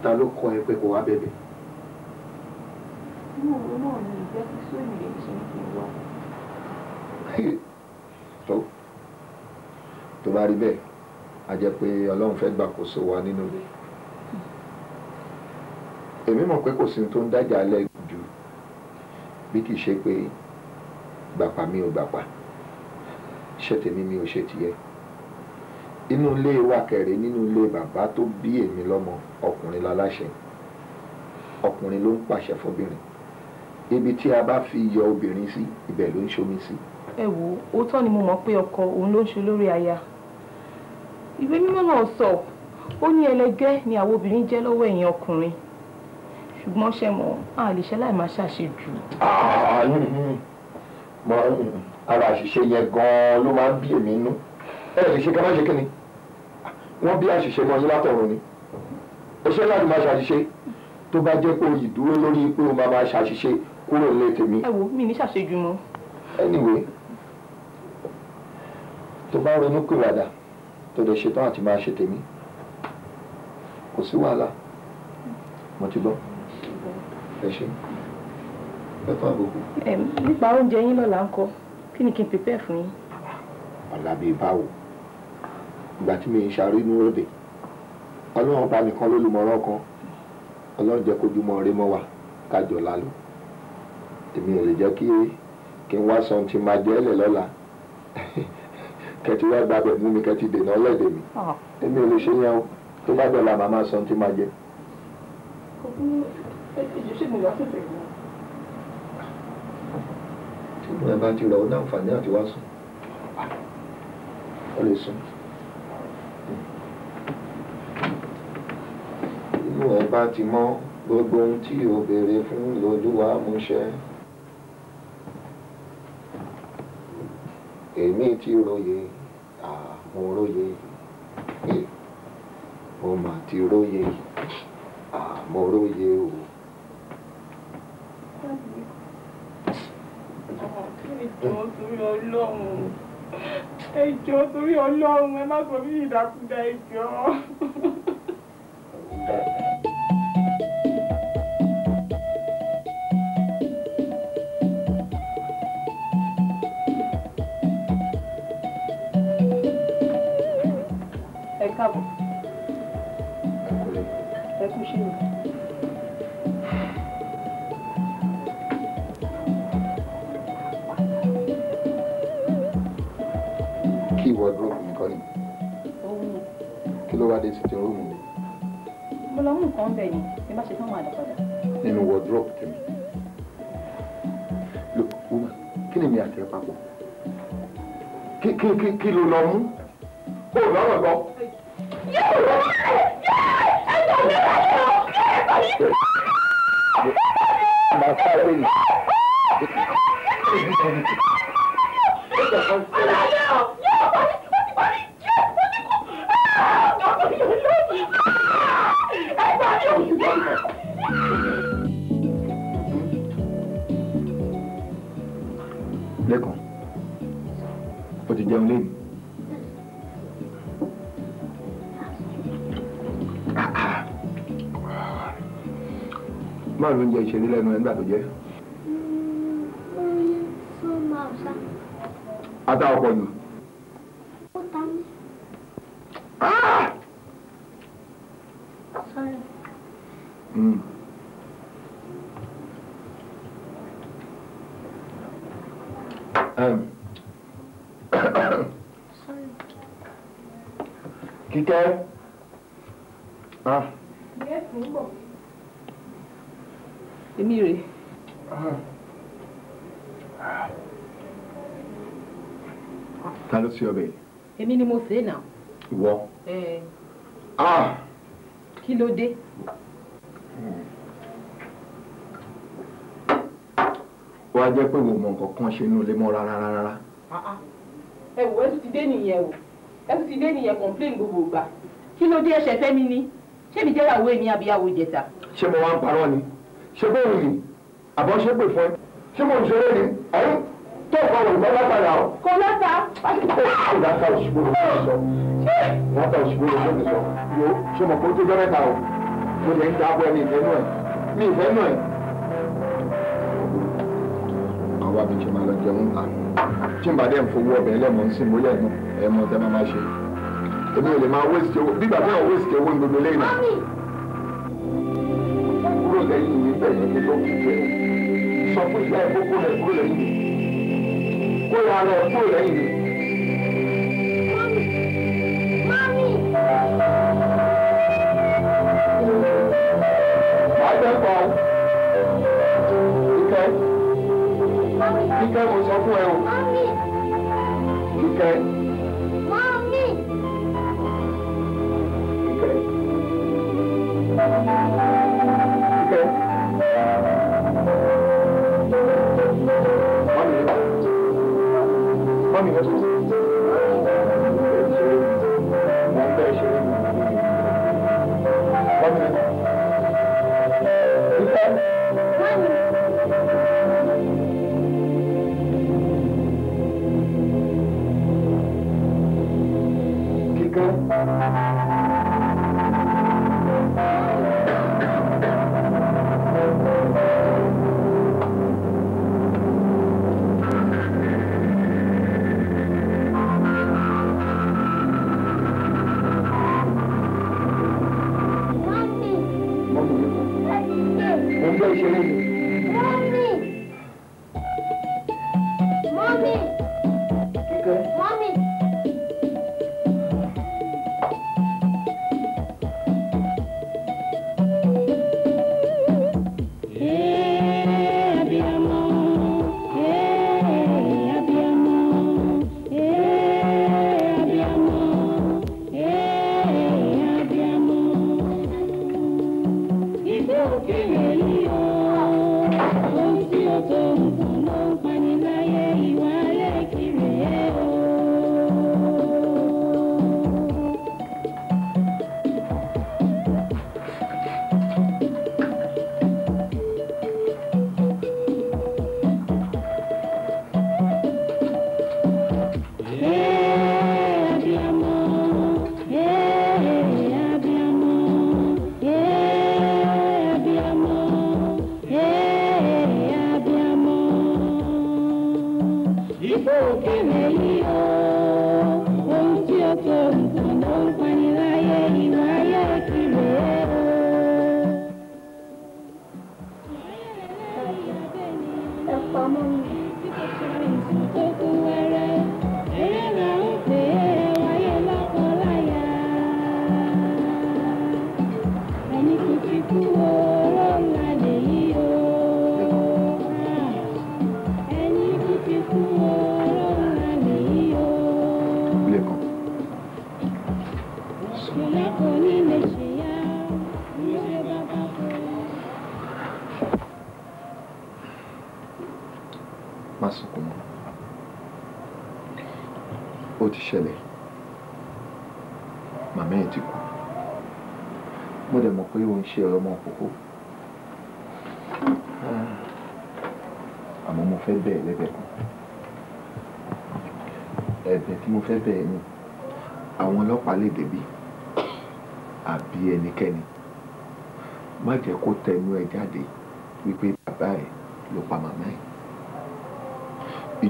ta ló kọ ẹ pé kò wá bẹ̀bẹ̀. inú òun náà ni ìjẹ́ kí sóyún lè ṣe ń fi wá tó tó bá rí bẹ́ẹ̀ a jẹ́ pé ọlọ́run fẹ́ gbàkóso wa nínú rẹ̀ èmi mọ̀ pé kò sí tó ń dájà alẹ́ jù bí kì í ṣe pé gbàpà mi ò gbàpà ṣe tèmi mi ò ṣe tìyẹ inú ilé wa kẹrẹ nínú ilé bàbá tó bí èmi lọ́mọ ọkùnrin láláṣẹ ọkùnrin ló ń pàṣẹ fóbìnrin ibi tí a bá fi yọ obìnrin sí ibẹ̀ ló ń ṣomi sí. Si ẹ wò òótọ́ ni mo mọ̀ pé ọkọ òun ló ń ṣe lórí aya ìwé mímọ́ náà sọ ó ní ẹlẹgẹ́ ni àwọn obìnrin jẹ́ lọ́wọ́ ẹ̀yin ọkùnrin ṣùgbọ́n ṣe mọ̀ á lè ṣe láì máa ṣàṣe jù. Ah, ah, mm, mm. ara àṣìṣe yẹn gan-an ló máa ń bí èmi nú ẹ lè ṣe kẹ́mọ́ ṣe kí ni wọ́n bí àṣìṣe mọ́ yín látọ̀run ni ó ṣe láti máa ṣàṣìṣe tó bá jẹ́ pé o yìí dúró lórí pé o máa máa ṣàṣìṣe kúrò nílé tèmi. ẹ wo mi ní ṣàṣejù mọ́. anyway tó bá ronú pìwàdà tó lè ṣetán àti máa ṣe tèmi kò sí wàhálà mo ti gbọ́ ẹ ṣe ẹ fún àbùkù. nípa oúnjẹ yín lọ́la ń kọ́ kí ni kí n pèpẹ́ fún yín. ọ̀làbí báwo ìgbà tí mi ń ṣàrí inú ròde ọlọ́run ọba nìkan ló lù mọ́rọ́ kan ọlọ́run jẹ́ kojú mọ́ ọ̀rẹ́ mọ́ wa kájọ lálọ́ èmi ò lè jẹ́ kí kí n wá sọ ohun tí máa jẹ́ ẹ̀lẹ̀ lọ́la (laughs) kẹtì wá gbàbẹ̀ mú mi kẹtì dènà ọlẹ́dẹ̀ mi ah. èmi ò lè ṣe yẹn o tó bá dọ̀la màmá sọ ohun tí máa jẹ. tí mo bá ti rọ ọ náà fàní àti wá sùn ọ lè sùn. inú ẹ bá ti mọ gbogbo ohun tí o béèrè fún lójú wa mú ṣe èmi ti róye àmọ́ róye mo mà ti róye àmọ́ róye o. ẹjọ́ torí ọlọ́run ẹjọ́ torí ọlọ́run ẹ má sọ bí ìdàkúdà ẹjọ́. káàbọ̀. ẹ kú ṣe mi. kí wọ́dúrópù mi kọ́ ni. kí ló wá dé sitting room mi. mo lọ mú nǹkan ń bẹ̀ yìí bí má ṣe fún màdà padà. nínú wọ́dúrópù tèmi. lo woman kí ni mi àti ẹ papọ̀ kí kí kí ló lọ mú kó lọ́rọ̀ lọ. Thank you. ló ń jẹ ìṣeré lẹ́nu ẹ̀ nígbà tó jẹ́. ata ọkọ yìí. ta ló sí ọbẹ̀ yìí. èmi ni mo sè é náà. ìwọ. Ah! kí ló dé. wá jẹ́ pé wo mọ nǹkan kan ṣe inú ilé mọ́ rárá rárá. Ah, ah. ẹ wò ẹ tún ti dé nìyẹn o ẹ tún ti dé nìyẹn complain gbogbo ìgbà kí ló dé ẹsẹ̀ fẹ́mi ni ṣé mi jẹ́ ìyàwó èmi àbíyàwó ìjẹta. ṣé mo wá ń parọ́ ni ṣé bóun ni àbọ̀ ṣé pè fún ẹ ṣé mo ń ṣeré ni tó kọ́ wọ̀ ìgbọ́n lápàdà o. kò láta. kò láta òṣìṣẹ́ ló ń sọ láta òṣìṣẹ́ ló ń sọ yóò ṣe mọ̀ kó tó jẹ́ mẹ́ta o mo lè ń dábọ̀ ẹni ìfẹ́ náà mi ìfẹ́ náà ẹ̀. àwa mi ti máa lọ jẹun ta tí n bá dé ń fowó ọbẹ̀ ẹlẹ́mọ̀ ń sìn mo lẹ́nu ẹ̀ mọ̀ tẹ́ máa ṣe èmi ò lè máa wéṣìkè owó bí gbàgbé ọ̀ wéṣìkè owó ní gbogbo lẹ́yìn náà kúrò lẹ́yìn ìgbẹ́ yẹn tó tó kù jẹ́ sọ fún ìyá ẹ̀ kó kúrò lẹ́yìn mi kó lọ ara kúrò lẹ́yìn mi. mami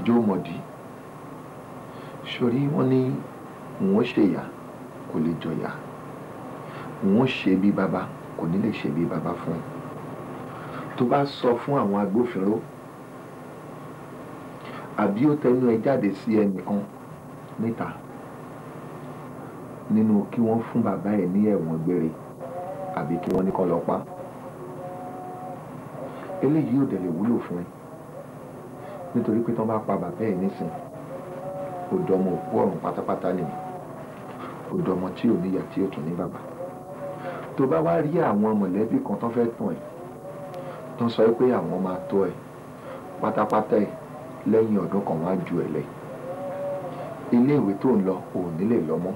ijó mọ̀dí sórí wọn ní wọn ṣèyà kò lè jọyà wọn ṣe bí baba kò ní lè ṣe bí baba fún ẹ tó bá sọ fún àwọn agbófinró àbí ó tẹnu ẹ jáde sí ẹnìkan níta nínú kí wọ́n fún bàbá ẹ̀ ní ẹ̀wọ̀n gbére àbí kí wọ́n ní kó lọ pa eléyìí ò dẹ̀ lè wúlò fún ẹ nítorí pé tán bá pa bàbá ẹ̀ nísìn odò ọmọ òkú ọ̀run pátápátá nìyí odò ọmọ tí ò níyà tí ò tún ní bàbá tó bá wá rí àwọn mọ̀lẹ́bí kan tán fẹ́ tàn ẹ́ tán sọ pé àwọn máa tọ́ ẹ pátápátá ẹ lẹ́yìn ọdún kan wá ju ẹ lẹ̀ iléèwé tó ń lọ ò ní lè lọ mọ́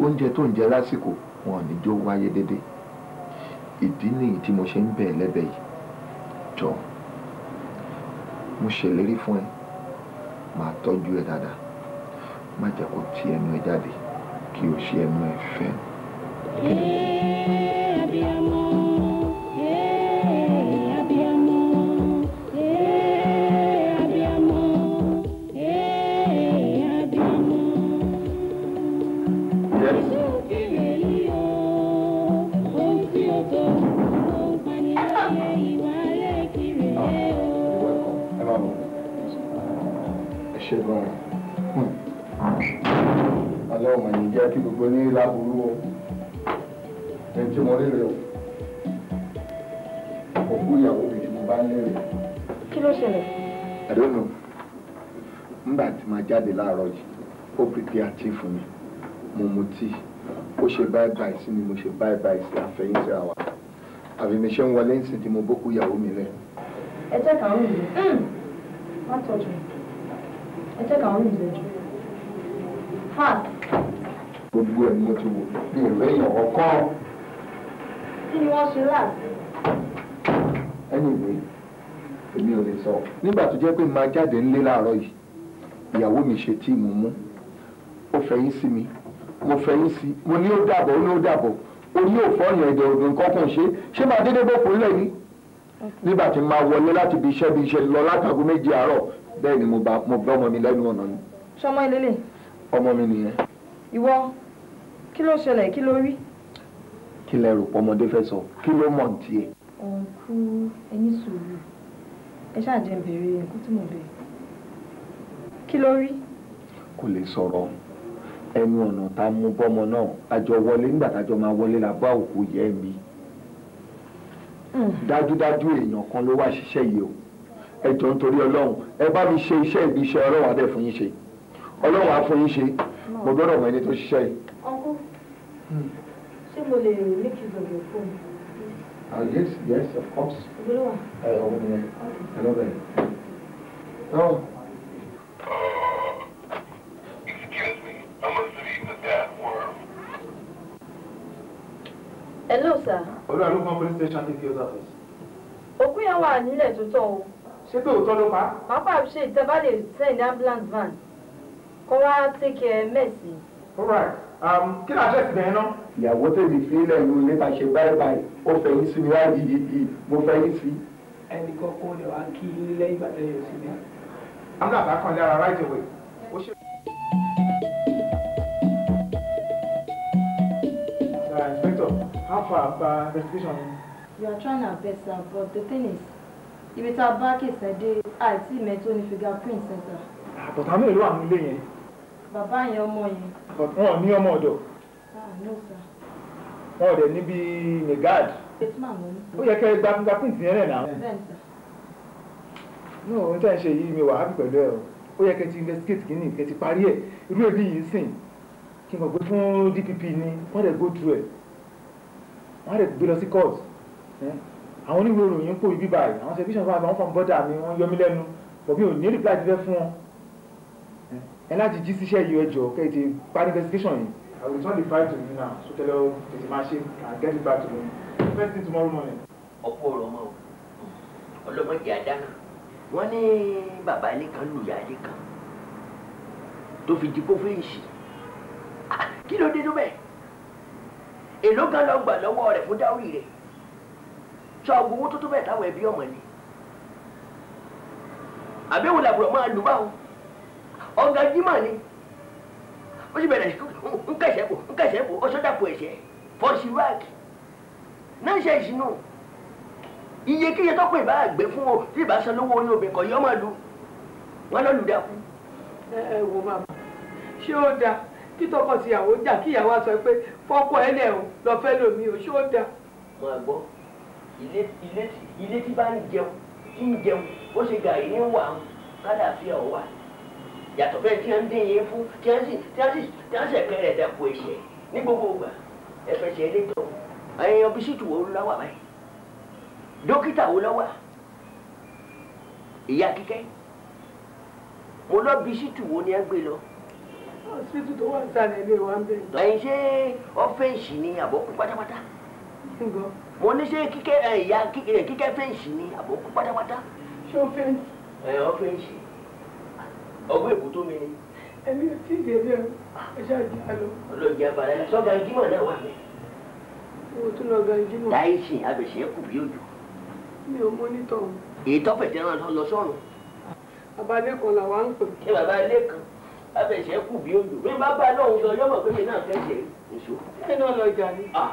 oúnjẹ tó ń jẹ lásìkò wọn ò ní jó wáyé déédéé ìdí nìyí tí mo ṣe ń bẹ̀ lẹ́bẹ̀ yìí jọ̀ọ́ mo ṣèlérí fún ẹ màá tọ́jú ẹ dáadáa má jẹ́ kó ti ẹnu ẹ jáde kí o ṣe ẹnu ẹ fẹ́. ṣe gan-an hmm. alẹ́ ọmọ yìí jẹ́ kí gbogbo ní láburú o ẹni tí mo rí rẹ o òkú ìyàwó mi tí mo bá ń lé rẹ. kí ló ṣẹlẹ̀. I don't know nígbà tí màá jáde láàárọ̀ yìí ó pèpè àti fún mi mo mu tíì ó ṣe báyìí báyìí sí ni mo ṣe báyìí báyìí sí àfẹ̀yìntì àwa àfẹ̀míṣẹ́ ń wọlé ń sìn tí mo bókú ìyàwó mi lẹ. ẹ jẹ́ kàá wù mí hmm. má tọ́jú mi ẹ jẹ́ káwọn ní ìgbẹ́jọ́ fat. gbogbo ẹ̀ ni mo ti wò bí ìwé èèyàn kọ̀ọ̀kan. kí ni wọ́n ṣe láti. ẹni ìwé èmi ò lè sọ. nígbà tó jẹ́ pé màá jáde ńlé láàárọ̀ yìí ìyàwó mi ṣe tí mo mú ó fẹ̀yìn sí mi mo fẹ̀yìn sí mo ní ó dàbọ̀ ó ní ó dàbọ̀ orí òfò ọ̀yàn ẹ̀dẹ̀ ògùn kọ́kàn ṣe ṣé màá dédé bó kúnlẹ̀ ni nígbà tí máa wọlé láti ibi iṣẹ́ bí iṣẹ́ lọ látago méje àárọ̀ bẹ́ẹ̀ ni mo bá ọmọ mi lẹ́nu ọ̀nà ni. sọmọ ìlélẹ̀. ọmọ mi nìyẹn. ìwọ kí ló ṣẹlẹ̀ kí ló rí. kí lẹ rò pọ̀ ọmọdé fẹ́ sọ kí ló mọ̀ tiẹ̀. ọ̀nkú ẹni sùúrù ẹ ṣáà jẹ́ bèrè nǹkan tí mo bèrè. kí ló rí. kò lè sọ̀rọ̀ ẹnu ọ̀nà tá a mú bọ́mọ náà àjọ wọlé nígbà tájọ máa wọlé la òkú yẹ́ mi dájúdájú èèyàn kan ló wá ṣiṣẹ́ yìí o ẹ jọ̀ọ́ nítorí ọlọ́run ẹ bá mi ṣe iṣẹ́ ìbí iṣẹ́ ọlọ́run adé fún yín ṣe ọlọ́run á fún yín ṣe mo gbọ́dọ̀ mọ ẹni tó ṣiṣẹ́ yìí. ọkọ hmm. ṣé mo lè make use of your phone. ah yes yes of course. ìgbélé wa. ẹ ọmọ mi yẹn ẹ lọ bẹ̀rẹ̀. Excuse me, I must have eaten a bad worm. Hello, sir olú àlùkò police station ti fi ọ̀dọ̀ ọ́fíìsì. òkú yẹn wà nílẹ̀ tó tọ̀ o. ṣé tòótọ́ ló pa. pápá ṣe ìtẹ́bá lè send ambulance van kó wá take mẹ́sì. Um, kí ni àṣẹ ìbẹ̀rẹ̀ náà. ìyàwó tèmi fi ilẹ̀ ìlú nípa ṣe báyìí báyìí ó fẹ̀yìn sí mi láì yíyí bíi mo fẹ̀yìn sí. ẹnì kọ́kọ́ ni wàá kí lẹ́yìn bàtẹ́yẹ sí mi. amúnàbà kan lára right away. Inspector, how far about investigation? You are trying our best, sir, but the thing is, if ibi tá a bá I see me ìmẹ́tò ní fingerprint center. Ah, but mélòó àwọn ilé yẹn. bàbá yẹn ọmọ yẹn. But oh, ní ọmọ ọ̀dọ̀. Ah, no, sir. Oh, then maybe ó guard. kẹ́ my money. Oh, you rẹ̀ náà. ní òun tẹ́ ń ṣe yìí mi wà hábì pẹ̀lú ẹ̀ o ó yẹ kẹ́ ti investigate kí ni kẹ́ ti parí ẹ̀ irú èdè yìí sìn kí n kàn gbé fún DPP ni wọ́n go through ẹ̀ wọ́n á lè gbé lọ sí court àwọn oníwèé ìròyìn ń pò ibi báyìí àwọn television fún àwọn fún bọ́dà mi wọ́n yọ mí lẹ́nu bọ̀bí ò ní reply ti fẹ́ fún wọn ẹ láti jí síṣẹ́ yìí ẹjọ́ kẹ́yìn ti parí investigation yìí. I will return the file to you now so tell you tètè máa ṣe and get it back to me first thing tomorrow morning. ọ̀pọ̀ ọ̀rọ̀ ọmọ o ọlọ́mọdé àdáná wọ́n ní bàbá ilé kan lùyà ilé kan tó fi di kó fèèṣì ah, kí ló dé tó bẹ́ẹ̀ èló gan lọ gbà lọ́wọ́ rẹ̀ fún dáwì rẹ̀ sọ gbowó tó tó bẹ̀ táwọn ẹbí ọmọ ni àbẹ̀wò làbùrọ̀ máa lù báwo ọ̀gá jimá ni ó sì bẹ̀rẹ̀ nkẹ̀sẹ̀ bò nkẹ̀sẹ̀ bò ọ̀ṣọ́dàpọ̀ ẹ̀ṣẹ̀ fọ́ọ̀ṣì ráàkì náà ṣe ìṣinú iye kíye tó pè bá àgbẹ̀ fún o tí ìbá san lówó oyún obìnrin kan yọ ọmọ lu wọn lọ lù dákú. ẹ ẹ wo màmá ṣé ó dáa kí tọkọ tìyàwó jà kí ìyàwó sọ pé fọkọ ẹ lẹ o lọ fẹ́ lómi o ṣé ó da. máa gbọ́ ilé tí bá ń jẹun tí ń jẹun ó ṣe gàrí ní wà ń kádàáfíà ó wà yàtọ̀ bẹ́ẹ̀ tí wọ́n dín yín fún tí wọ́n sì tí wọ́n sì tí wọ́n sẹ̀kẹ́ rẹ̀ dàpọ̀ ẹ̀ṣẹ̀ ní gbogbo ìgbà ẹ̀fẹ̀ ṣe ilé tọ̀ ẹ̀yàn bí sítù wo ló wà báyìí dókítà wo ló ìyá kíkẹ́ mo lọ bí sítù ni ẹ gbé lọ ọsibítù tó wà nísàlẹ̀ ilé wa ń bẹ. ẹ̀yin ṣé ọ́fẹ́ǹsì ni àbọ̀kú pátápátá. mo ní ṣé kíkẹ́ ìyá kíkẹ́ fẹ́ǹsì ni àbọ̀kú pátápátá. ṣé ọ́fẹ́ǹsì. ẹ ọ́fẹ́ǹsì ọgbọ́n èkó tó mi ni. ẹni tí ì dèrè ẹ ṣáà jẹ́ àlọ́. ọlọ́ọ̀jì abalẹ̀ sọ́gà ìjímọ̀ náà wà mí. owó tó lọ ga ìjímọ̀. dáìsì abẹ̀sẹ̀ kù bí òjò. mi ò mọ́nítọ̀. èyí tọ́fẹ̀ tẹ́ràn lọ sọ́run. bàbá lẹ́kan làwa ń pè. ṣé bàbá lẹ́kan abẹ̀ṣẹ́ kù bí òjò bí n bá bá lóhùn gan yọmọ pé mi náà fẹ́ ṣe èso. ẹ náà lọ jà ní. Ah,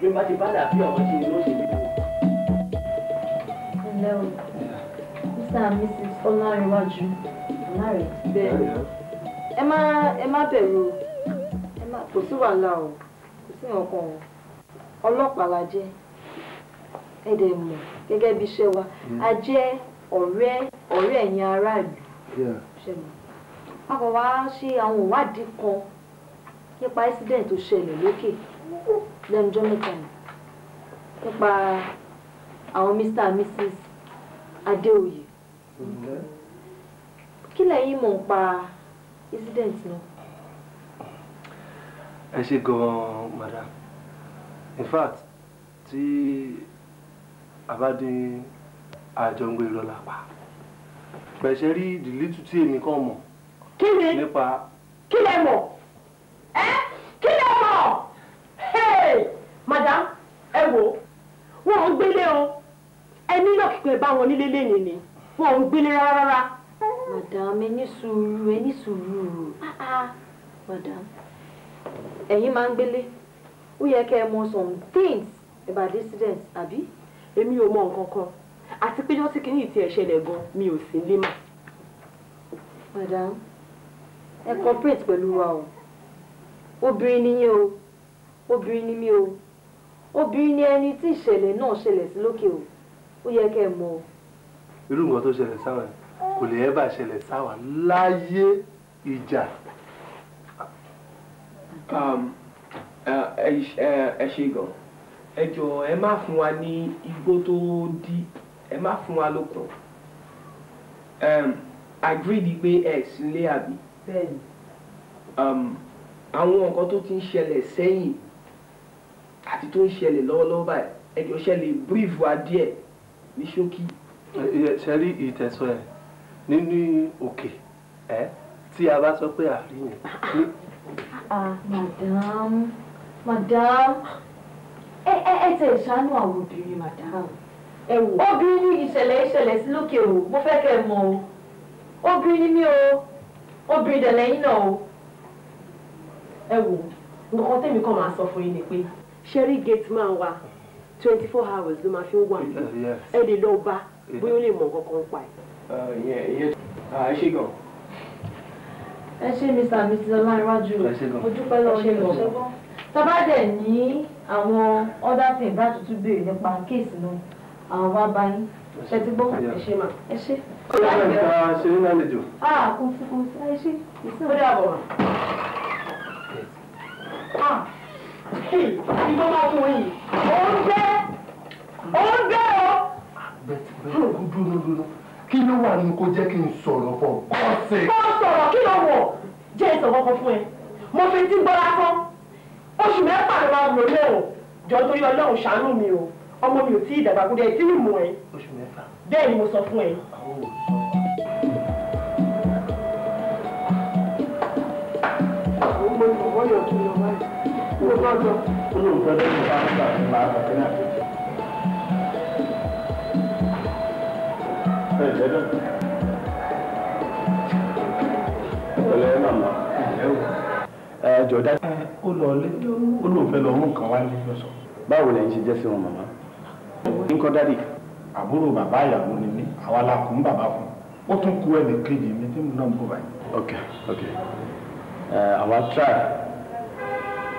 bí n bá ti bá làbí ọmọ ṣe ló ṣe nínú. ǹlẹ́ o mr and mrs ọlárẹ̀wájú ọlárẹ̀ bẹ́ẹ̀ ẹ má ẹ má bẹ̀rù o ẹ má kò sí wàhálà o kò sí ọkàn o ọlọ́pàá la jẹ́ ẹ dẹ̀ mọ̀ gẹ́gẹ́ bí iṣẹ́ wa a mm. jẹ́ ọ̀rẹ́ ọ̀rẹ́ ẹ̀yin aráàlú ṣe mọ̀ a kò wá ṣe àwọn ìwádìí kan nípa accident tó ṣẹlẹ̀ lókè lẹ́nujọ́ mẹ́ta ni nípa àwọn mr and mrs adéoyè kí lẹ́yìn mọ̀ ń pa accident náà. ẹ ṣe gan-an madam in fact tí a bá dé àjọǹgbé lọ́la pa pẹ̀ṣẹ́ rí ìdílé tuntun èmi kan mọ̀ kí ni kí lẹ mọ̀ ẹ kí lẹ mọ̀ madam ẹ wò wọn ò ń gbélé o ẹ nílò kíkún ẹ bá wọn nílé lẹ́yìn ni wọn ò ń gbélé rárá rárá. madam ẹ ní sùúrù ẹ ní sùúrù ah, ah. madam ẹ̀yin máa ń gbélé ó yẹ kẹ́ ẹ mọ some things about dissident àbí èmi ò mọ nǹkan kan àti péjọ tí kìíní ti ẹ̀ ṣẹlẹ̀ gan mi ò sí lé mà. madam ẹ cooperate pẹ̀lú wa o obìnrin ni yín o obìnrin ni mí o obìnrin ni ẹni tí ìṣẹ̀lẹ̀ náà ṣẹlẹ̀ sí lókè o ó yẹ kẹ́ ẹ mọ̀ o. irú nǹkan tó ṣẹlẹ̀ sáwọn kò lè ẹ́bà ṣẹlẹ̀ sáwọn láyé ìjà. Um, ẹ ṣe gan ẹ jọ ẹ má fún wa ní igbó tó dí ẹ má fún wa lókun um, agree di pé ẹ sílé àbí bẹ́ẹ̀ni. Um, àwọn nǹkan tó ti ń ṣẹlẹ̀ sẹ́yìn àti tó ń ṣẹlẹ̀ lọ́wọ́lọ́wọ́ báyìí ẹjọ́ ṣẹlẹ̀ brief wa díẹ̀ ní ṣókí. ṣe rí ìtẹ̀sọ ẹ̀ nínú òkè ẹ̀ tí a bá sọ pé àríyìn. Ah, madam madam ẹ ẹ ẹ tẹ ìṣàánú àwọn obìnrin madam ẹ wò. obìnrin ní ìṣẹ̀lẹ̀ ìṣẹ̀lẹ̀ sí lókè o mo fẹ́ kẹ́ ẹ mọ̀ o obìnrin mi o obìnrin dẹ̀ lẹ́yìn náà o ẹ wò nǹkan tẹ́mi kan máa sọ fún yín ni pé ṣẹ́rí gate máa wà twenty four hours ló máa fi ń wà ẹ lè lọ bá bóyá ó lè mọ nǹkan kan pa uh, uh, ẹ. ẹ ṣe gan. ẹ ṣe mr and mrs ọlárẹwájú ojúpẹ́ lọ́wọ́ ṣe lọ ṣẹ́gbọ́n tọ́ba dẹ̀ ní àwọn other thing bá tuntun béèrè nípa kéèsì náà àwọn wá báyìí ẹ ti gbọ́ ẹ ṣe mà ẹ ṣe. ó yà á nípa ṣeré náà lè jò. a kò sí kò sí ẹ ṣe ó dà bọ̀ wá. ìgbọ́ máa fún o. bẹ́ẹ̀ kú dúró dúró kí ló wà ní kó jẹ́ kí n sọ̀rọ̀ bọ̀ kọ́sẹ̀. kó sọ̀rọ̀ kí ló wọ̀ jẹ́ ìsọ̀rọ̀ kan fún ẹ mo fi ti gbọ́ lásán oṣù mẹ́fà ló máa lò lẹ́wọ̀n jọ tó yọ ọlọ́run ṣàánú mi o ọmọ mi ò tí ì dàgbà kó dẹ̀ tí ì mú ẹ. oṣù mẹ́fà. bẹ́ẹ̀ ni mo sọ fún ẹ. ẹ jọ̀dá. ó lọ lé ó lóun fẹ́ lọ mú nǹkan wá ní ọ̀sán. báwo lẹ́yìn ṣe jẹ́ sí wọn màmá. nǹkan dáadé àbúrò bàbá ìyàwó ni mí àwa la kún bàbá fún ó tún kú ẹnì kejì mi tí mo náà ń báyìí. ok ok àwa uh, try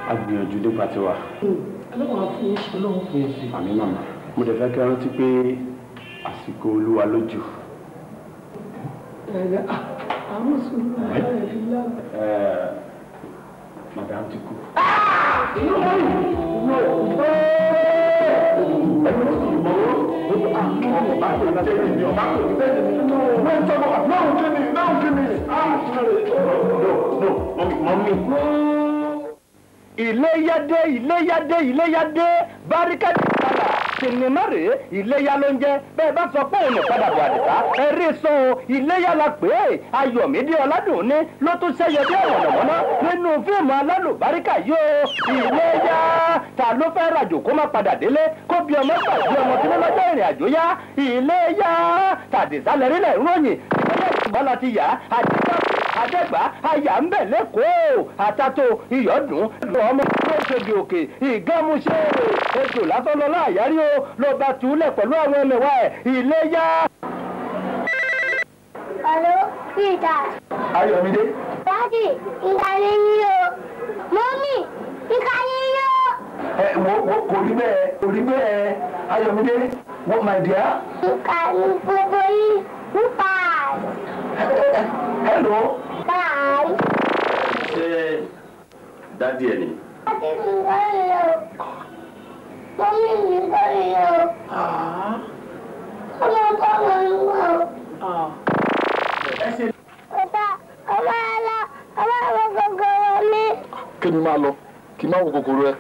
a gbìyànjú nípa tiwa. ọlọ́run fún yín ṣe ọlọ́run fún yín ṣe. àmì màmá mo dẹ̀ fẹ́ kí rántí pé àsìkò olúwa ló madame ti kú. Ah! No! No! ẹni ló sì mọ ó tó à ọmọ bá tó ní sìnìmárì iléyà ló ń jẹ́ bẹ́ẹ̀ bá sọ pé òun ò padà bọ̀ àdìsá ẹ rí sọ o iléyà la pè é ayọ̀mídé ọládùnní ló tún ṣẹyẹ bí ọ̀rọ̀ lọ́mọ́ná nínú fíìmù alálùbáríkà yìí o iléyà ta ló fẹ́ ràjò kó má padà délé kó bí ọmọ pàdé ọmọ tí wọ́n lọ́jọ́ ìrìn àjò yá iléyà tàdìsá lẹ́rìnlẹ̀ ròyìn ìpínlẹ̀ ìbọ́lá ti yá àdìsá àdẹ́gbà ayà ń bẹ̀ lẹ́kọ̀ọ́ àtàtò ìyọ́dún lọ́mọ ṣègbè òkè ìgámúṣe ètò látọ́lọ́lá àyárí o ló bá túlẹ̀ pẹ̀lú àwọn ẹlẹ́wà ẹ̀ ìléyà. ọ̀lọ́ peter. ayọ̀mídé. dádì ìkàlẹ̀ yín o mọ́mì ìkàlẹ̀ yín o. ẹ wo wo kò rí bẹ́ẹ̀ kò rí bẹ́ẹ̀ ayọ̀mídé wo my dear. ìkàlẹ̀ gbogbo yìí ń pa. hello. bye. ṣé dádì ẹ àti ìgbà yìí o mo ní ìgbà yìí o ọlọ́pàá mo ń wá o. ọba ọba ala ọba àwọn kòkòrò mi. kí ni máa lọ kí n máa wo kòkòrò ẹ.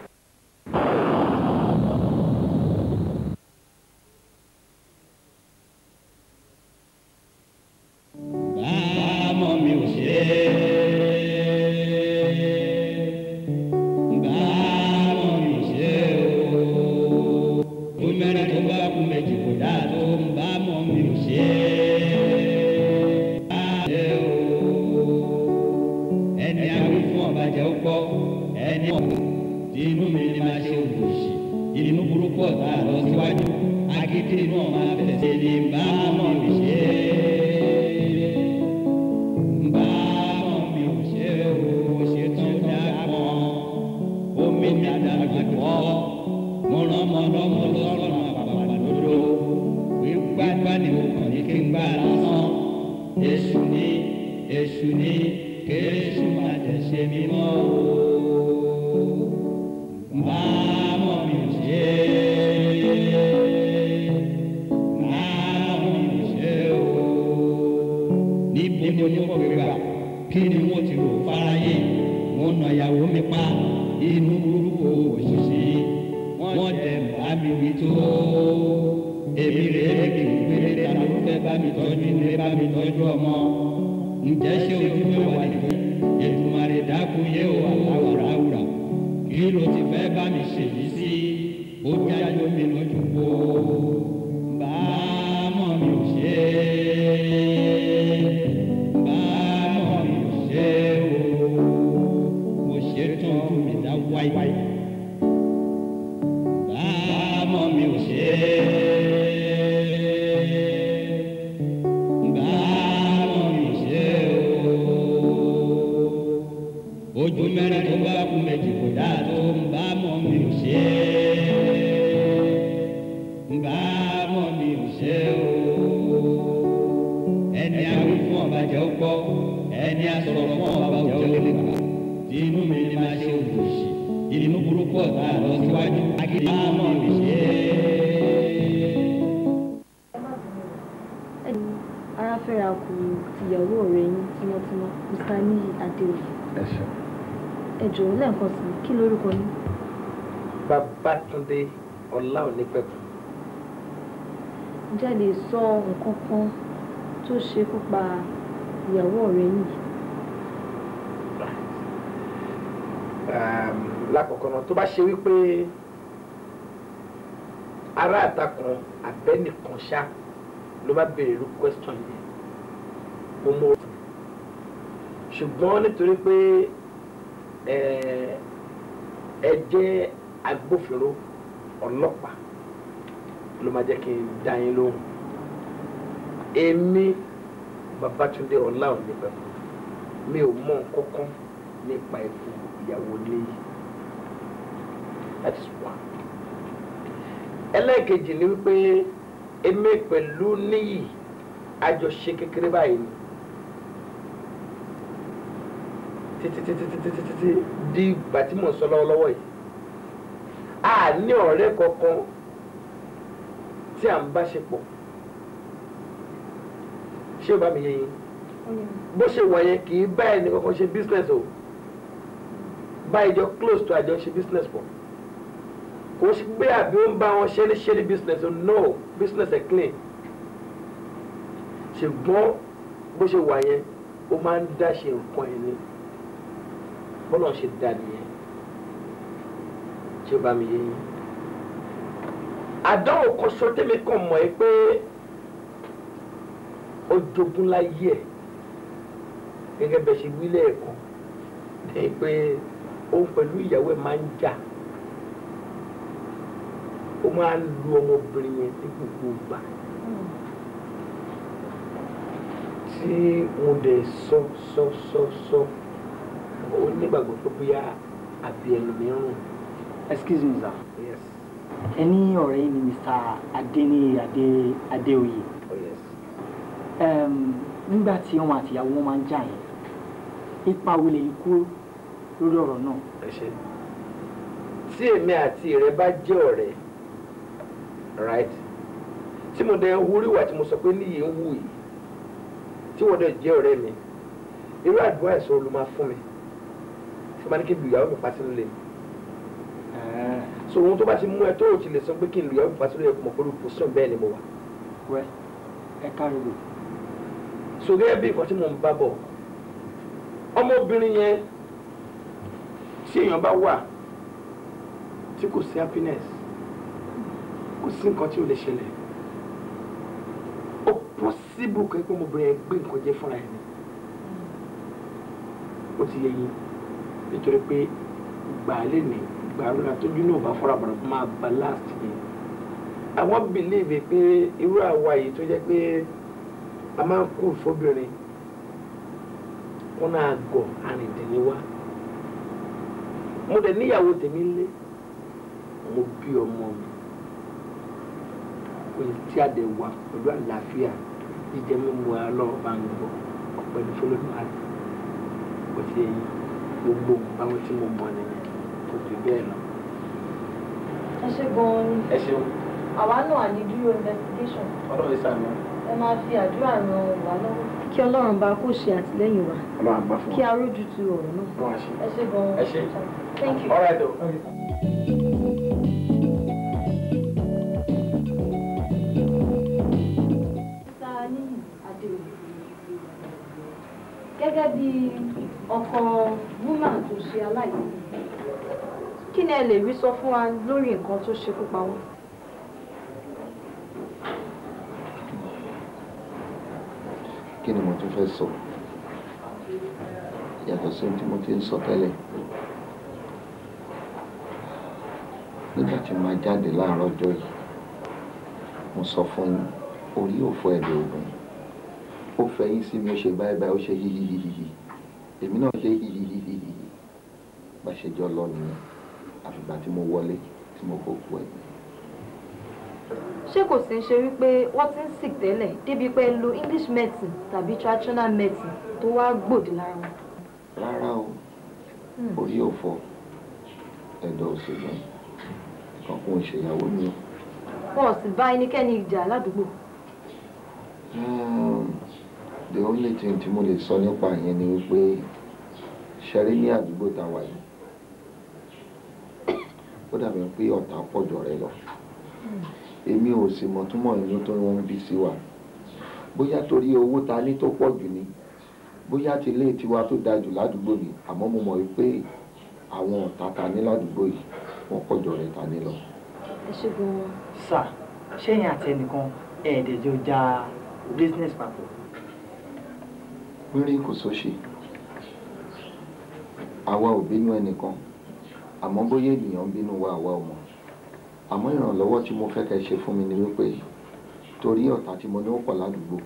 lọ́jọ́ ọmọ ǹjẹ́ ṣé ojú mẹ́wàá ngbà mọ̀ mi ò ṣe o. ẹni awí fún ọba jẹ́ ó gbọ́ ẹni asọ̀rọ̀ fún ọba jẹ́ ó lè gbà. inú mi ni máa ṣe òṣì inú burúkú ọ̀tá lọ síwájú akéde mọ̀ mi ṣe é. ara tìyàwó ọ̀rẹ́ yín tímọ́tímọ́ mr niyi adéoyè. ẹ ṣe. lẹ́ẹ̀kan sí i kí lórúkọ yín. Babátúndé Ọláònípẹ̀kun jáde sọ nǹkan kan tó ṣekú pa ìyàwó rẹ yìí. Ehm, lákọ̀ọ́kọ́ náà tó bá ṣe wípé ará àtakùn abẹ́nìkan ṣá ló bá béèrè irú question yẹn mo mọ ṣùgbọ́n nítorí pé eh, ẹ jẹ́ agbófinró ọlọ́pàá ló máa jẹ́ kí n dá yín lóhùn èmi Babátúndé ọlá òní pẹ̀lú mi ò mọ̀ kankan nípa ikú ìyàwó níyì that is one ẹlẹ́ẹ̀kejì ni wípé èmi pẹ̀lú níyì àjọṣe kékeré báyìí ni títítítítítítí di ìgbà tí mò ń sọ lọ́wọ́lọ́wọ́ yìí a ní ọ̀rẹ́ kankan tí à ń bá ṣe pọ̀ ṣé o bá mi yé yín bó ṣe wà kì í bá ẹni kankan ṣe business o bá ìjọ close to àjọ ṣe business pọ̀ kò sí pé àbí ó ń bá wọn ṣe ní ṣe ní business o no business ẹ̀ clean ṣùgbọ́n bó ṣe wà yẹn ó máa ń dá ṣe nǹkan ẹ̀ ni bọ́lá ṣe dá nìyẹn ṣé o bá mi yé yín àdánwò kan ṣo tèmi kan mọ̀ ẹ́ pé ó jogún láyé ẹ̀ gẹ́gẹ́ bẹ́ẹ̀ ṣe wí lẹ́ẹ̀kan ní pé òun pẹ̀lú ìyàwó ẹ̀ máa ń jà ó máa ń lu ọmọbìnrin yẹn ní gbogbo ìgbà tí mo dẹ̀ sọ sọ sọ sọ ó nígbàgbọ́ pé bóyá àbí ẹlòmíràn. excuse me sir ẹ ní ọ̀rẹ́ yìí ni Mr. Adeniyi Ade Adeoye oh, nígbà tí wọn àti ìyàwó wọn máa ń jà yẹn ipa wo lè kú lórí ọ̀rọ̀ náà. tí èmi àti rẹ bá jẹ́ ọ̀rẹ́ right tí mo dẹ wúríwà tí mo sọ pé níyì ń wù yìí tí wọ́n dẹ jẹ́ ọ̀rẹ́ mi irú àdúrà ìṣòro ló máa fún mi tí wọ́n máa ní kí ìyàwó mi pa sínú lè so ohun tó bá ti mú ẹ tó o ti lè sọ pé kí n lù ẹ bá sílẹ̀ mọ̀ pé olùkó sàn bẹ́ẹ̀ ni mo wà. wẹ ẹ kárí o. so gẹ́gẹ́ bí nǹkan tí mo ń bá bọ̀ ọmọbìnrin yẹn tí èèyàn bá wà tí kò sí happiness kò sí nǹkan tí ò lè ṣẹlẹ̀ ó pọ́síbù kẹ́ pé ọmọbìnrin yẹn gbé nǹkan jẹ fúnra ẹ̀ ni ó ti yẹ yín nítorí pé gbàálẹ̀ nìyí gbàrúra tójú náà bá fọ́ra bàrà máa gba last yẹn àwọn bìlíìbì pé irú àwa yìí tó jẹ́ pé a máa ń kú fóbìnrin wọn náà gọ̀ àrìndínníwá mo dẹ̀ níyàwó tèmi lé mo bí ọmọ mi pẹ̀lú tí a dẹ̀ wà pẹ̀lú àlàáfíà jíjẹ mímu alọ́ bá ń gbọ́ pẹ̀lú fọlọ́nù àti pẹ̀lú ẹ̀yìn gbogbo nǹkan tí mo mọ̀ nìyẹn kò jù bẹ́ẹ̀ lọ. ẹ ṣe gan-an ni. ẹ ṣeun. àwa náà ní dúró investigation. ọlọ́run ìsàmì. ẹ máa fi àdúrà ran wa lọ́wọ́. kí ọlọ́run bá kó ṣe àtìlẹ́yìn wa. ọlọ́run àgbà fún wa. kí arójú ọ̀rọ̀ náà. ẹ ṣe gan-an. ẹ ṣe. thank you. all right o. gẹ́gẹ́ bí ọkọ woman tó ṣe aláìsí kí ni ẹ lè rí sọ fún wa lórí nǹkan tó ṣekú pa wọ́n. kí ni mo tún fẹ́ sọ yàtọ̀ sí tí mo ti ń sọ tẹ́lẹ̀ nígbà tí màá jáde láàárọ̀ ọjọ́ yìí mo sọ fún orí òfò ẹ̀dẹ̀ obìnrin ó fẹ́ yín sí mi ó ṣe báyìí báyìí ó ṣe hihihihihi èmi náà ṣe hihihihihi bá ṣe jọ lọ nìyẹn àfìgbà tí mo wọlé tí mo fòkú ẹ̀. ṣé kò sí ṣe wípé wọ́n ti ń sick tẹ́lẹ̀ débi pé lo English medicine tàbí traditional medicine tó wá gbòdì lára wọn. rárá o hmm. orí ò fọ́ ẹ̀dọ̀ òṣèlú kankan ìṣèyàwó mi o. wọn ò sì bá ẹnikẹ́ni ìjà ládùúgbò. Hmm. the only thing tí mo lè sọ nípa yẹn ni wípé ṣeré ní àdúgbò táwa yìí ó dàbí pé ọ̀tá pọ̀jọ rẹ lọ èmi ò sì mọ̀ túmọ̀ inú tó wọ́n ń bí sí wa bóyá torí owó ta ní tó pọ̀ jù ni bóyá ti ilé tiwa tó da jù ládùúgbò ni àmọ́ mo mọ̀ wípé àwọn ọ̀tá ta ní ládùúgbò yìí wọ́n pọ̀jọ rẹ ta ní lọ. ẹ ṣe gan wọn. sà ṣẹ́yìn àti ẹnìkan ẹ̀ẹ́dẹ̀jọ ja business papọ̀. wíńrí kò sọ ṣe àwa ò bínú ẹnìkan àmọ́ bóyá ènìyàn ń bínú wa àwa ọmọ àmọ́ ìrànlọ́wọ́ tí mo fẹ́ kẹ́ ṣe fún mi ni wípé torí ọ̀tá tí mo ní ó pọ̀ ládùúgbò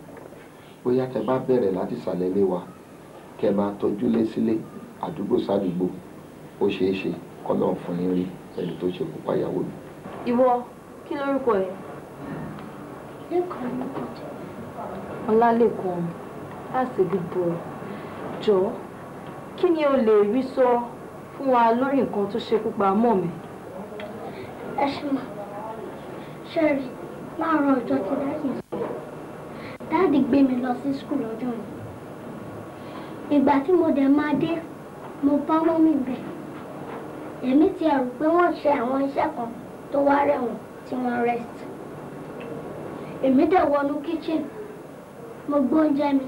bóyá tẹ bá bẹ̀rẹ̀ láti ìsàlẹ̀ ilé wa kẹ máa tọ́jú lé sílé àdúgbò sádùúgbò ó ṣeé ṣe kọ́lọ̀ fún yín rí ẹni tó ṣe kópa ìyàwó mi. ìwọ kí lórúkọ ẹ. ọlálẹ́kan that's a good boy kí ni o lè rí sọ. So fún wa lórí nǹkan tó ṣekú pa mọ́ mi. ẹ ṣe mọ ṣẹ́rí láàárọ̀ ọjọ́ tí dáàdì sọ̀rọ̀ dáàdì gbé mi lọ sí skul lọ́jọ́ yìí ìgbà tí mo dẹ̀ máa dé mo bá mọ́mí bẹ̀ èmi ti ẹ̀rù pé wọ́n ṣe àwọn iṣẹ́ kan tó wá rẹ̀wọ̀n tí wọ́n rest èmi dẹ̀ wọnú kitchen mo gbé oúnjẹ mi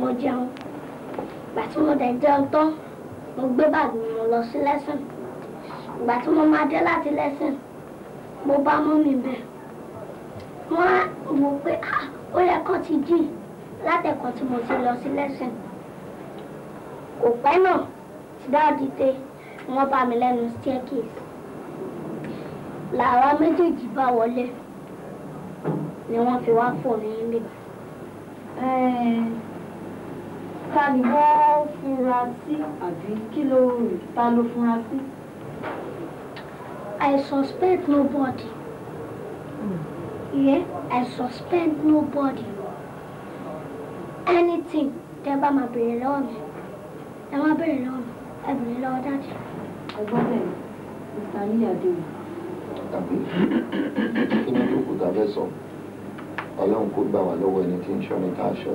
mo jẹun ìgbà tí mo dẹ̀ jẹun tán mo gbé bàgì mi lọ sí lẹ́sìn ìgbà tí mo máa dé láti lẹ́sìn mo bá mú mi bẹ̀ wọ́n á wò pé ah, ó yẹ kán ti jí látẹ̀kọ́ tí mo ti lọ sí lẹ́sìn kò pẹ́ náà ti dá òdìdé wọ́n bá mi lẹ́nu staircase làwa méjèèjì bá wọlé ni wọ́n fi wá fò mí níbí ta ni wọ́n fura sí àbí kí ló rò ta ló fura sí. I suspect nobody. Yeah, I suspect nobody. Anything tẹ́ bá máa béèrè lọ́wọ́ mi ẹ má béèrè lọ́wọ́ mi ẹ béèrè lọ́wọ́ dáàdì. ẹgbọ́n bẹ́ẹ̀ mr níyàdé o. tàbí kí ni kókò tá a fẹ́ sọ ọlọ́run kó gbà wá lọ́wọ́ ẹni tí ń ṣọ́ ni ká ṣọ́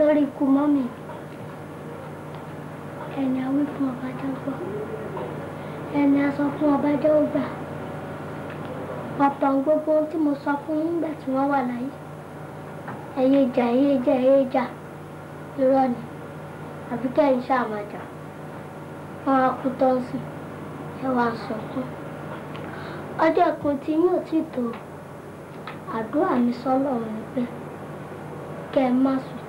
lórí ikú mọ́mì ẹni awí fún ọba dọ́gbọ́ ẹni a sọ fún ọba ọ̀pọ̀ gbogbo tí mo sọ fún tí wọ́n wà láyé ẹ̀yẹ ìjà ẹ̀yẹ irọ́ ni àbí kẹ́yìn wọn á kú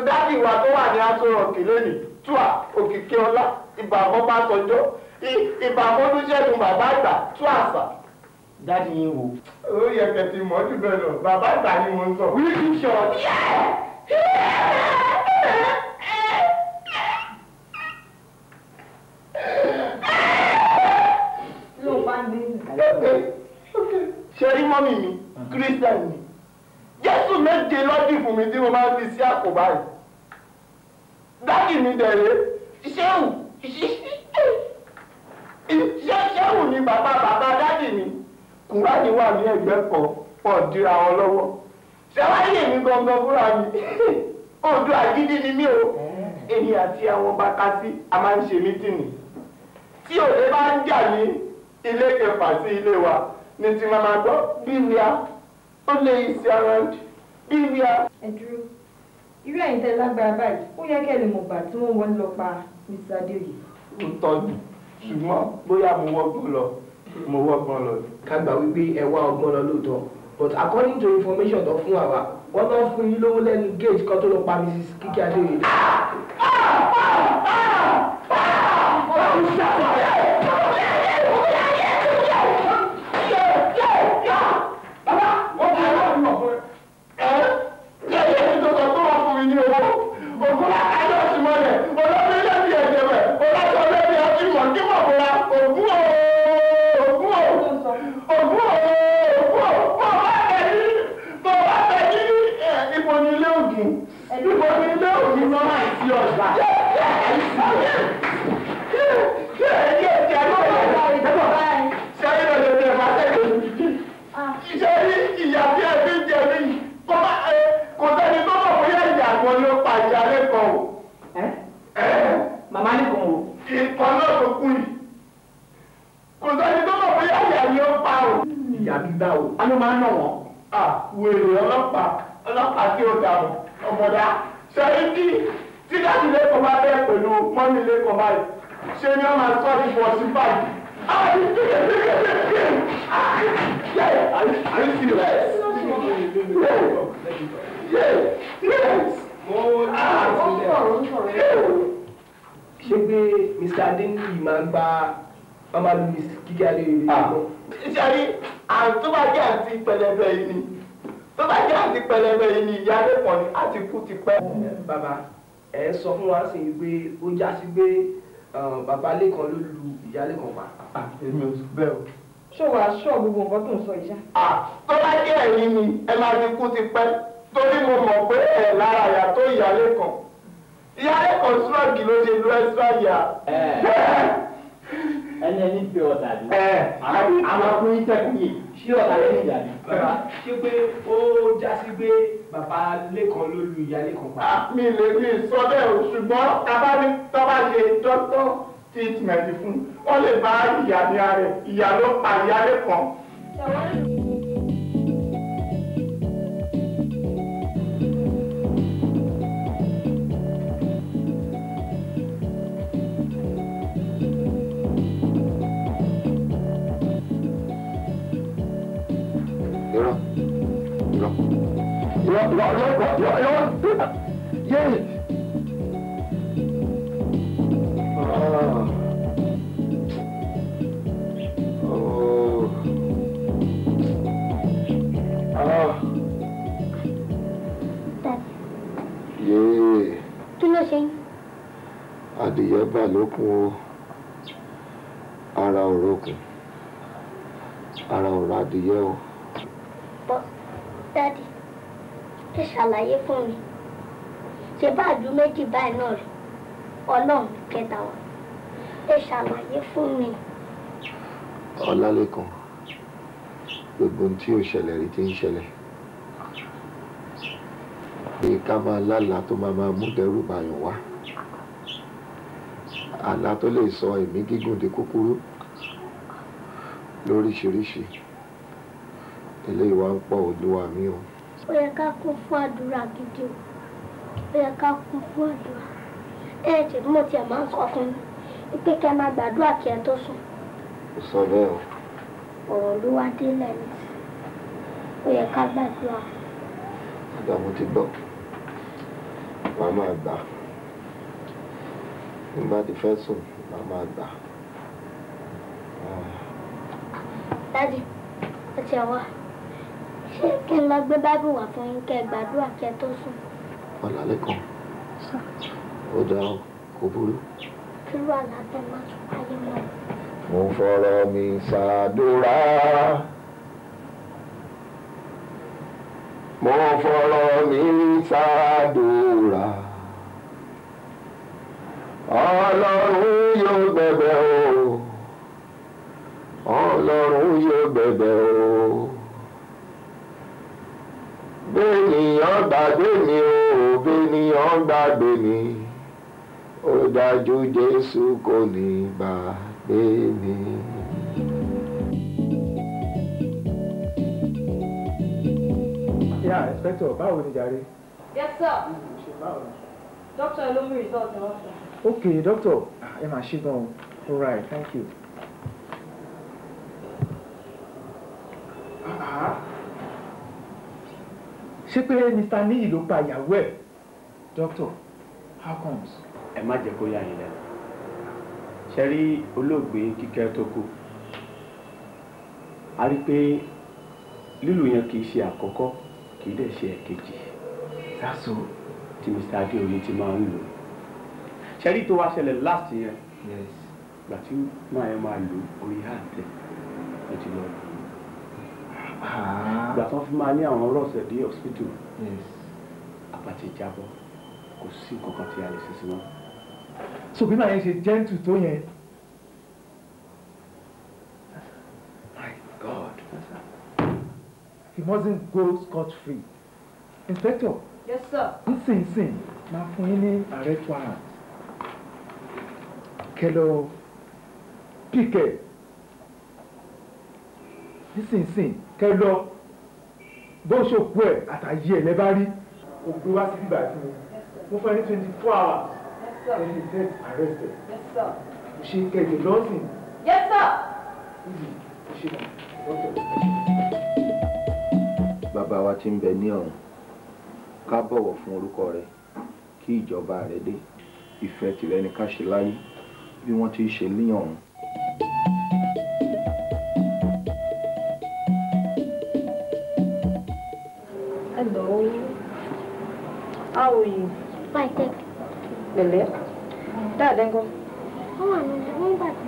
dádì wa tó wà ní aṣọ òkè lónìí túà òkìkí ọlá ibà àmọ́ bá sọjọ́ ibà àmọ́ ló ṣẹ́gun bàbá àgbà tú àṣà. dádì yín wo. ó yẹ kẹtì mọ́ jù bẹ́ẹ̀ lọ bàbá àgbà ni mo ń sọ. wí kí n ṣọ. ṣe rí mọ́mì mi kírísítẹ́nì ah. mi méje lọ́dì fún mi tí mo máa ń fi sí àpò báyìí dáàdì mi dẹ̀rẹ́ ṣéwù ṣé ṣéwù ni bàbá bàbá dáàdì mi kùránì wà ní ẹgbẹ́ pọ̀ pọ̀ dira wọn lọ́wọ́ ṣẹ́wáyé mi gangan fúnra mi (laughs) odò àgídí ni mí o èmi àti àwọn bàtà sí a máa ń ṣe mítìnì tí òde bá ń jà ní ilé kẹfà sí ilé wa ni ti máa gbọ́ bí ìyá ó lè yí sí around. Sylvia. ẹ dúró irú ẹ̀yin tẹ́ lágbára báyìí ó yẹ kẹ́ lè mọ̀ gbà tí wọ́n wọ́n lọ pa Mr. Adéoyè. ó tọ́jú ṣùgbọ́n bóyá mo wọ́gbọ́n lọ mo wọ́gbọ́n lọ. ká gbà wípé ẹ wá ọgbọ́n lọ lóòótọ́ but according to information tó fún wa wọ́n lọ fún yín lówó lẹ́nu gate kan tó lọ pa Mrs. Kíkí Adéoyè. a ló máa ń nà wọ́n wèrè ọlọ́pàá ọlọ́pàá tí ó dà ọ́ ọmọdá tí láti lẹ́kọ̀ọ́ bá bẹ́ẹ̀ pẹ̀lú mọ́mí lẹ́kọ̀ọ́ báyìí ṣé ni wọ́n máa sọ ní bọ̀ọ̀sì báyìí. ṣé pé Mr. Adeniyi máa ń gba wọn bá lu kíkẹ́ alẹ́ yìí. sari tó bá jẹ́ àǹtí pẹlẹbẹ yìí ni tó bá jẹ́ àǹtí pẹlẹbẹ yìí ni ìyá rẹ̀ pọ̀ ni àti kú ti pẹ́. bàbá ẹ sọ fún wa sí i pé ó já sí pé bàbá lẹ́kan ló lu ìyá lẹ́kan pa. Ah, èmi ò sọ bẹ́ẹ̀ o. ṣé wàá ṣọ́ gbogbo nǹkan tó ń sọ ìṣá. Ah, tó bá jẹ́ ẹ̀yin ni ẹ máa fi kú ti pẹ́ torí mo mọ̀ pé ẹ̀ lára ìyá tó ìyá lẹ́kan ìyá lẹ́kan sírọ̀gì ló ṣe lú ẹni ẹni pé ọ̀tà bí. àwọn ọkùnrin tẹ̀kùn yìí ṣé ọ̀tà lẹ́nu ìjà bí. ṣé pé ó já sí pé bàbá lẹ́kan ló lu ìyá lẹ́kan pa. Ah, mi lè mi sọ bẹ́ẹ̀ o ṣùgbọ́n tábàbí tọ́ba ṣe dọ́tọ́ treatment fún ó lè bá ìyá ní ara ìyá ló pa ìyá lẹ́kan. Yes. adìyẹ bà lókun o ara ò rókun ẹ ṣàlàyé fún mi ṣe bá àdú méjì báyìí náà rí ọlọ́run kẹta wa ẹ ṣàlàyé fún mi. ọlálẹ́kan gbogbo ohun tí ò ṣẹlẹ̀ rí ti ń ṣẹlẹ̀ pé ká máa lálàá tó máa máa mú dẹ́rù bàyàn wá àlá tó lè sọ ẹ̀mí gígùn di kúkúrú lóríṣiríṣi eléyìí wá ń pọ̀ olúwa mi o. O yẹ ká kún fún àdúrà gidi O yẹ ká kún fún àdúrà ẹ ẹ tèmi mo tiẹ̀ máa ń sọ fún mi gbàdúrà kí ẹ tó sùn. O sọ o. ọ̀rọ̀ ló wá dé lẹ́nu O yẹ ká gbàdúrà. àgbà mo ti gbọ́ màá máa gbà nígbà tí fẹ́ sùn gbà. ẹ kí n lọ gbé bábù wá fún yín kẹ́ gbàdúrà kí tó sùn. wàhálà lẹ́kàn ó dáa kò burú. kí wà lábẹ́ máa ayé mọ́. mo fọ̀rọ̀ mi ṣàdúrà. mo fọ̀rọ̀ mi ṣàdúrà. ọlọ́run yóò bẹ̀bẹ̀ o ọlọ́run yóò bẹ̀bẹ̀ o bẹ́ẹ̀nìyàn gbàgbé ni o bẹ́ẹ̀nìyàn gbàgbé ni ó dájú Jésù kò ní gbàgbé mi. Yeah, inspector, báwo ni jàre? Yes, sir. Ṣé báwo Doctor ló mú result wọn Okay, doctor, ẹ máa ṣe gan-an. All right, thank you. Uh-huh ṣé pé mr níyì ló pa ìyàwó ẹ̀ doctor how comes. ẹ má jẹ́ kó yà yín lẹ́nu ṣe rí olóògbé kíkẹ́ tó kú a rí i pé lílù yẹn kì í ṣe àkọ́kọ́ kì í dẹ̀ ṣe ẹ̀kejì sásò tí mr adéoyè ti máa ń lò ṣe rí tó wá ṣẹlẹ̀ last yẹn gbàtí máa yẹn máa lò orí àtẹ ẹ ti lọ lò. Ah. ìgbà tó fi máa ní àwọn rọ̀ṣẹ̀ dé hospital àbàtì ìjábọ̀ kò sí nǹkan kan tí a lè ṣe sí wọn. so bí màá yẹn ṣe gentle tó yẹn. my god he mustn't go scot free inspector yes sir nsinsin máa fún yín ní arrest warrant kẹlọ píkẹ nísinsìnyí tẹ lọ bó ṣe kú ẹ̀ àtàyè ẹ̀ lẹ́ bá rí ògbé wá sí bíbá fún mi mo fẹ́ ní twenty four hours ẹni lè get arrested kò ṣe kẹ̀kẹ́ lọ́sìn. Yes, sir. bàbá wa ti ń bẹ ní ọ̀run ká bọ̀wọ̀ fún orúkọ rẹ kí ìjọba rẹ dé ìfẹ́ tìrẹ ni ká ṣe láyé bí wọ́n ti ṣe ní ọ̀run. how are you. fine thank you. pẹ̀lẹ́ dáadáa ńkọ́. wọ́n wà I ìlú nígbà tí.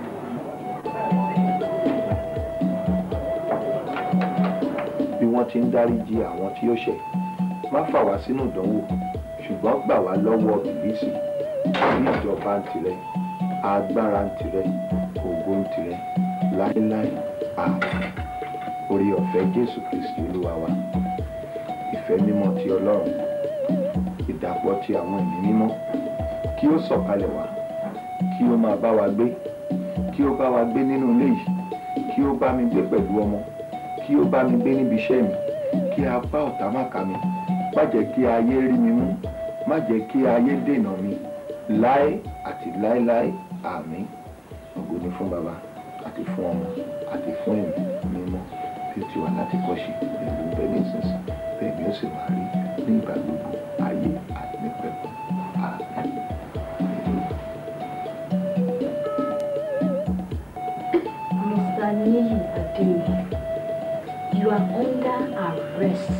bí wọ́n ti ń dáríji àwọn tí ó ṣẹ̀ má fà wá sínú ìdánwò ṣùgbọ́n gbà wá lọ́wọ́ bìbísì bí ìjọba ń tirẹ̀ agbára ń tirẹ̀ ògo ń tirẹ̀ láéláé àmín orí ọ̀fẹ́ Jésù Kristi Olúwa wa ìfẹ́ mímọ́ ti Ọlọ́run ìdàpọ̀ ti àwọn ẹ̀mí mímọ́ kí ó sọ̀kalẹ̀ wá kí ó máa bá wa gbé kí ó bá wa gbé nínú ilé yìí kí ó bá mi gbé pẹ̀lú ọmọ kí ó bá mi gbé níbi iṣẹ́ mi kí apá ọ̀tá má kà mí má jẹ́ kí ayé rí mi mú má jẹ́ kí ayé dènà mi láé àti láéláé àmín ògo ni fún baba àti fún ọmọ àti fún ẹ̀mí mímọ́ bí ó ti wà láti kọ́ ṣe pẹ̀lú bẹ́ẹ̀ ní ìsinsìn bẹ́ẹ̀ ni ó sì máa rí ní ìgbà gbogbo. Lily Adeyemi, you are under arrest.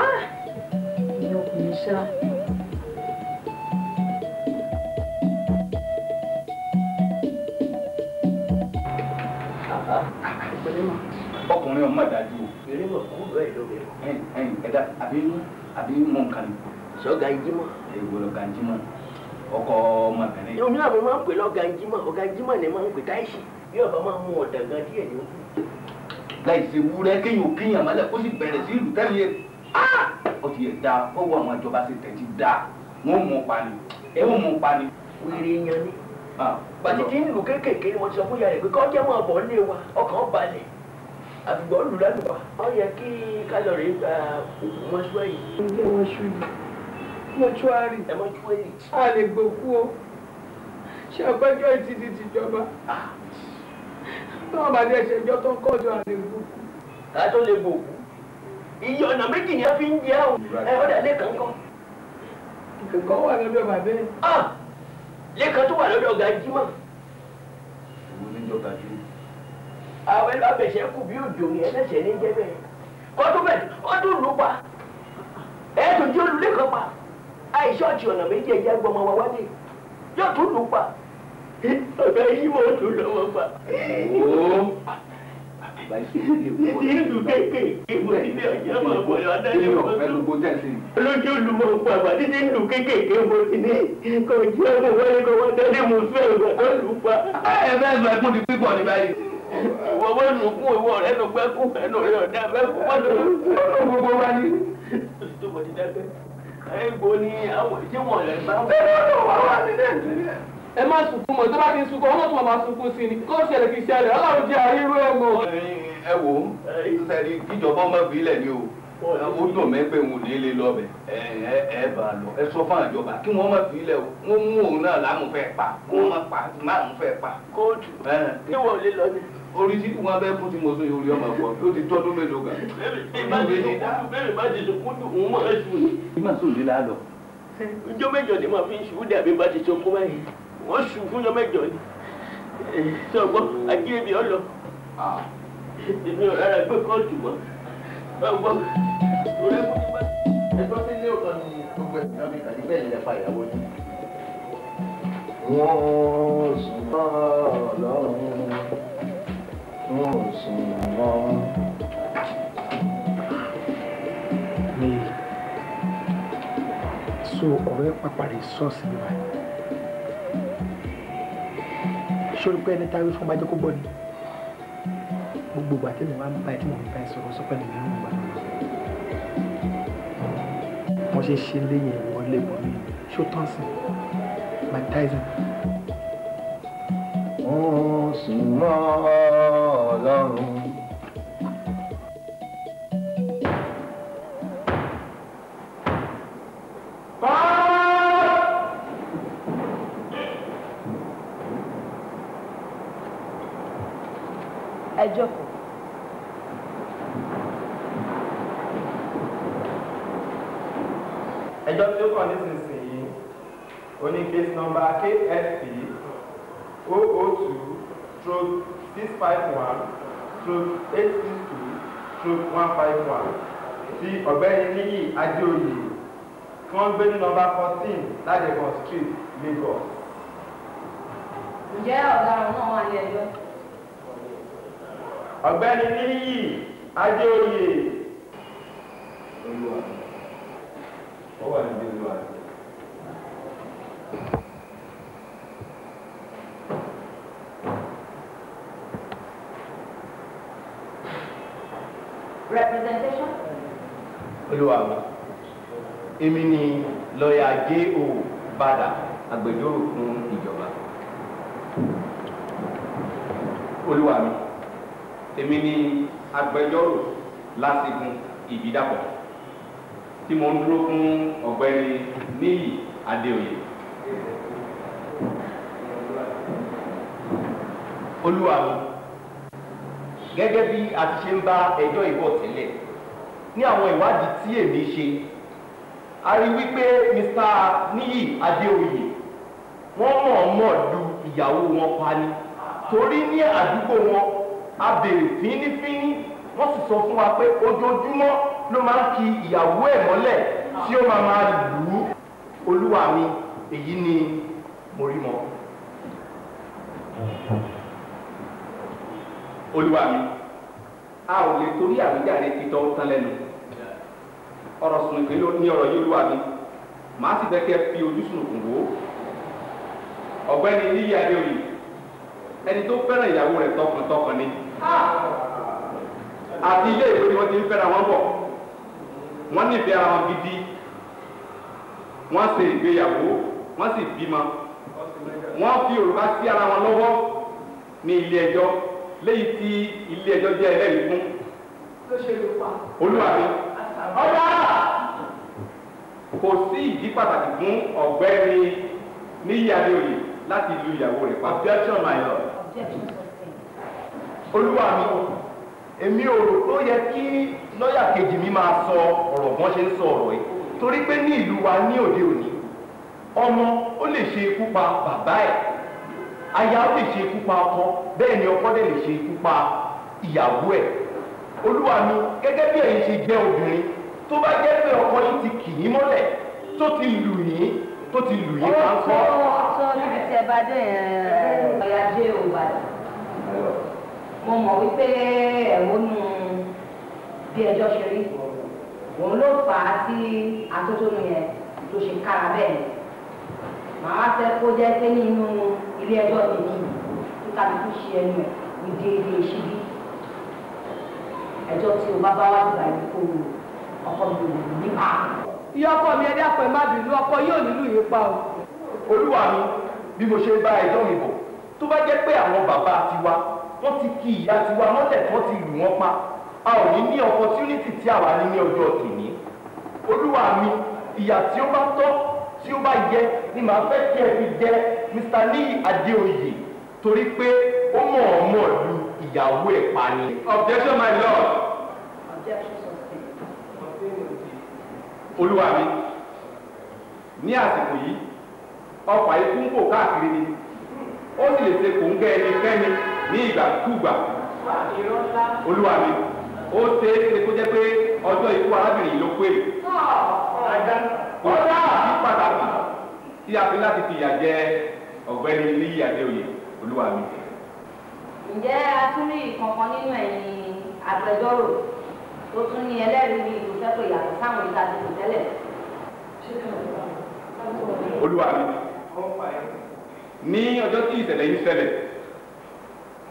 Ah! Ìyá ọkùnrin ṣá. ọkùnrin ọmọ dájú o. eré mọ̀ kú lọ ẹ̀ lómi. ẹ̀yin ẹ̀dá àbí àbí mọ̀ nǹkan ni. sọ́gà ìjímọ̀. ẹ̀yin wọlọ́gà ìjímọ̀ ọkọ ọmọbìnrin. omi náà mo máa ń pè lọ́gànjímọ̀ ọ̀gànjímọ̀ ni máa ń pè táìsì bí ọba máa mú ọ̀dàngán díẹ̀ ní òkú. láì ṣe wúrẹ́ kéèyàn kéèyàn mọ́lẹ̀ kó sì bẹ̀rẹ̀ sí ìlú tẹ́lẹ̀ ah! ó ti yẹ dáa fọwọ́ àwọn ìjọba ṣe tẹ̀sí dáa wọ́n mú un pa ẹ ó mú un pa ni. yan ni ah! bàtí tí ń lù kéékèèké ni mo ti sọ fún yàrá pé kọ́ jẹ́ mọ́ ọ̀bọ̀ nílé wa ọkàn balẹ̀ àtùgbọ́ lù lálùbà ó yẹ kí kálọ̀rì gba òògùn mọ́ṣúwẹ̀ yìí. ǹjẹ́ mọ́ṣúárì a lè gbòkú o ṣe ọgbẹ́jọ́ ìtìtì tìjọba ah. tọ́wọ́n bá ẹ̀ṣẹ̀ ìjọ tó ń kọ́jọ́ a lè gbòkú. ká tó lè gbòkú iye ọ̀nà méjì ni a fi ń jẹ́ àwọn ẹ̀ ọ́dà lẹ́kàn kan. ìkẹ́kọ̀ọ́ wà lọ́dọ̀ bàbá Ah, lẹ́kàn tó wà lọ́dọ̀ gajimọ̀. ìwọ ni ìjọba ju. àwọn ẹlọ abẹ̀ṣẹ̀ kù bí òjò yẹn lẹ́sẹ̀ ní jẹ́ bẹ́ẹ̀ kọ́tún bẹ̀ ọdún lù pa ẹ̀ẹ́dùn jẹ́ olùlẹ́kọ̀ọ́ pa àìṣọ́ọ̀tì ọ̀nà méjì ẹ̀jẹ̀ gbọmọ wọn wálé yóò tún lù pa ọ̀gá yìí mọ̀ tún lọ́wọ́ pa. Ìdí ìlú kéékèèké mo ti ní ọjọ́ máa bọ̀ yọ adájọ́ mo tún. Lójú olùmọ̀ pàpà títí ìlú kéékèèké mo ti ní kò jẹ́ ọmọ wọlé kò wọ́n tẹ́lẹ̀ mo fẹ́ ọ̀gá kó lù pa. Ẹ fẹ́ sọ ẹkún di pípọ̀ wọ́n rẹ̀ ló gbẹ́kún ẹnu rẹ̀ ọ̀dà fẹ́ fún wọn Gbogbo wa ni. Tó bọ̀ ti dábẹ́ ẹgbò ni ṣé wọn lè bá wọn. bẹ́ẹ̀ ló wà wá ní nàìjíríà. ẹ má sunkún mọ́ tó bá ti ń sunkún ọmọ tó máa sunkún sí ni kó ṣẹlẹ̀ kì í ṣẹlẹ̀ Ọlọ́run jẹ́ àríwó ẹ mọ. ẹ wò ó sẹ́ni kíjọba ọmọ ìbílẹ̀ ni o ó dùn mí pé òun ní lè lọ́bẹ̀ ẹ ẹ bá lọ ẹ sọ fún àjọba kí wọ́n má fi o wọ́n mú òun náà láàmú fẹ́ pa wọ́n má pa máàmú pa. kóòtù kí wọ́n lè lọ ní orí tí wọn bẹ kún tí mo sún orí ọmọ àpò ó ti tọdún mélòó kan. bẹ́ẹ̀ bá ti sọ kúndùn òun máa ń sùn ni. ìgbà sùn lílá lọ. ọjọ́ mẹ́jọ ni màá fi ń ṣubú dàbí bá ti sọ kó báyìí wọ́n sùn fún ọjọ́ mẹ́jọ ni. sọ̀gbọ́ akérèbí ọ̀lọ́ èmi ò rárá gbé kóòtù mọ́. sọ̀gbọ́ ẹgbẹ́ tí ilé ọ̀kan ni gbogbo ẹ̀ka mi kàdí bẹ́ẹ̀ lẹ́fà ìyàwó ni. wọ́n sùn so ọ̀rẹ́ pàpàrẹ sọ́ọ̀sì ni wáyé sórí pé ẹni táwí fún bájẹ́ kó gbọ́ ni gbogbo ìgbà tí mo máa ń bá ẹ mo ń bá ẹ sọ̀rọ̀ sọ́pẹ́ nìyẹn ń gbà wọ́n ṣe ṣe léyìn ìwọlé bọ̀ mí ṣó tán sí ń súnmọ́ ọlọ́run. ẹ jókòó. ẹjọ́ tí ó kàn nísinsìnyí oní case number KSP 002 stroke 651 stroke 862 stroke 151 ti ọ̀gbẹ́ni níyì adéoyè tí wọ́n gbé ní nọ́mbà fourteen ládẹ́gàn street Lagos. ǹjẹ́ ọ̀daràn náà wà ní ẹjọ́? ọ̀gbẹ́ni níyì adéoyè. olúwa ó wà níbi olúwa rẹ̀. olúwa mi èmi ni lọ́ọ̀yà J.O. Bada agbẹjọ́rò fún ìjọba olúwa mi èmi ni agbẹjọ́rò lásìkún ìbídàpọ̀ tí mo ń dúró fún ọ̀gbẹ́ni níyì adéoyè olúwa mi gẹ́gẹ́ bí a ti ṣe ń bá ẹjọ́ ìbọ̀ tẹ́lẹ̀ ní àwọn ìwádìí tí èmi ṣe a rí wípé Mr. Níyì Adéoyè wọ́n mọ̀ọ́mọ̀ lu ìyàwó wọn pa ni torí ní àdúgbò wọn a béèrè fínífíní wọ́n sì sọ fún wa pé ojoojúmọ́ ló máa ń ki ìyàwó ẹ̀ mọ́lẹ̀ tí ó máa máa lù ú olúwa mi èyí ni mo rí mọ́ olúwa mi a ò lè torí àwíjàre ti tọ́ tán lẹ́nu ọ̀rọ̀ sùnùkùn ló ní ọ̀rọ̀ yìí lúwa mi màá sì fẹ́ kẹ́ fi ojú sùnùkùn wò ó ọ̀gbẹ́ni yíyí adéoyè ẹni tó fẹ́ràn ìyàwó rẹ̀ tọkàntọkàn ni àti ilé ìwé ni wọ́n ti ń fẹ́ràn wọn bọ̀ wọ́n nífẹ̀ẹ́ ara wọn gidi wọ́n ṣe ìgbéyàwó wọ́n sì bímọ wọ́n fi òrùka sí ara wọn lọ́wọ́ ní ilé ẹjọ́ léyìí tí ilé ẹjọ́ jẹ́ ẹlẹ́rìí fún. olúwa mi ọ̀dà kò sí ìdí pàtàkì fún ọ̀gbẹ́ni níyàlóye láti lu ìyàwó rẹ̀ pa. objection my lord. olúwa mi èmi ò rò tó yẹ kí lọ́ọ̀yà kejì mi máa sọ ọ̀rọ̀ bọ́n ṣe ń sọ ọ̀rọ̀ yìí torí pé ní ìlú wa ní òde òní ọmọ ó lè ṣe ikú pa bàbá ẹ̀ aya ó lè ṣe ikú pa ọkọ bẹ́ẹ̀ ni ọkọ dẹ̀ lè ṣe ikú pa ìyàwó ẹ̀ olúwa mi gẹ́gẹ́ bí ẹ̀yin ṣe jẹ́ obìnrin tó bá jẹ́ pé ọkọ yìí ti kì í mọ́lẹ̀ tó ti lù yín tó ti lù yín máa ń kọ́. ó sọ níbi tí ẹ bá dé ọ̀yà jẹ́ òwàdà mo mọ̀ wípé ẹ̀wọ́nú bí ẹjọ́ ṣe rí òun ló fà á sí atótónu yẹn tó ṣe kára bẹ́ẹ̀ yẹn màá fẹ́ kó jẹ́ pé nínú ilé ẹjọ́ mi nìyí tó kálukú ṣe ẹnu ẹ̀ ní déédéé ṣíbí ẹjọ́ tí o bá bá wá ìgbà yìí kó o ọkọ mi ò ní pa. iye ọkọ mi ẹdí àpẹ má bínú ọkọ yóò nílò yìí pa o. olúwa mi bí mo ṣe bá ẹjọ́ mi bọ̀ tó bá jẹ́ pé àwọn bàbá tiwa wọ́n ti kí ìyá tiwa mọ́lẹ̀ tí ti lù wọ́n pa a ò ní ní opportunity tí àwa ní ní ọjọ́ tèmi olúwa mi ìyà tí ó bá tọ́ tí ó bá yẹ ni màá fẹ́ kí ẹ fi Mr. Níyì Adéoyè torí pé ó mọ̀ ọ́ lu ìyàwó ẹ̀ pa ni. objection my lord. olúwa mi ní àsìkò yìí ọfà ikú ń kò káàkiri ni ó sì lè ṣe kò ń gẹ ẹnikẹ́ni ní ìgbàkúgbà olúwa mi ó ṣe é ṣe kó jẹ́ pé ọjọ́ ikú arábìnrin yìí ló tí a fi láti fìyà jẹ ọ̀gbẹ́ni níyì adéoyè olúwa mi. ǹjẹ́ a tún rí ìkankan nínú ẹ̀yin agbẹjọ́rò tó tún ní ẹlẹ́rìí ní ìlú fẹ́tò yàtọ̀ sáwọn ìta ti tẹ̀lẹ̀? olúwa mi ní ọjọ́ tí ìṣẹ̀lẹ̀ yìí ṣẹlẹ̀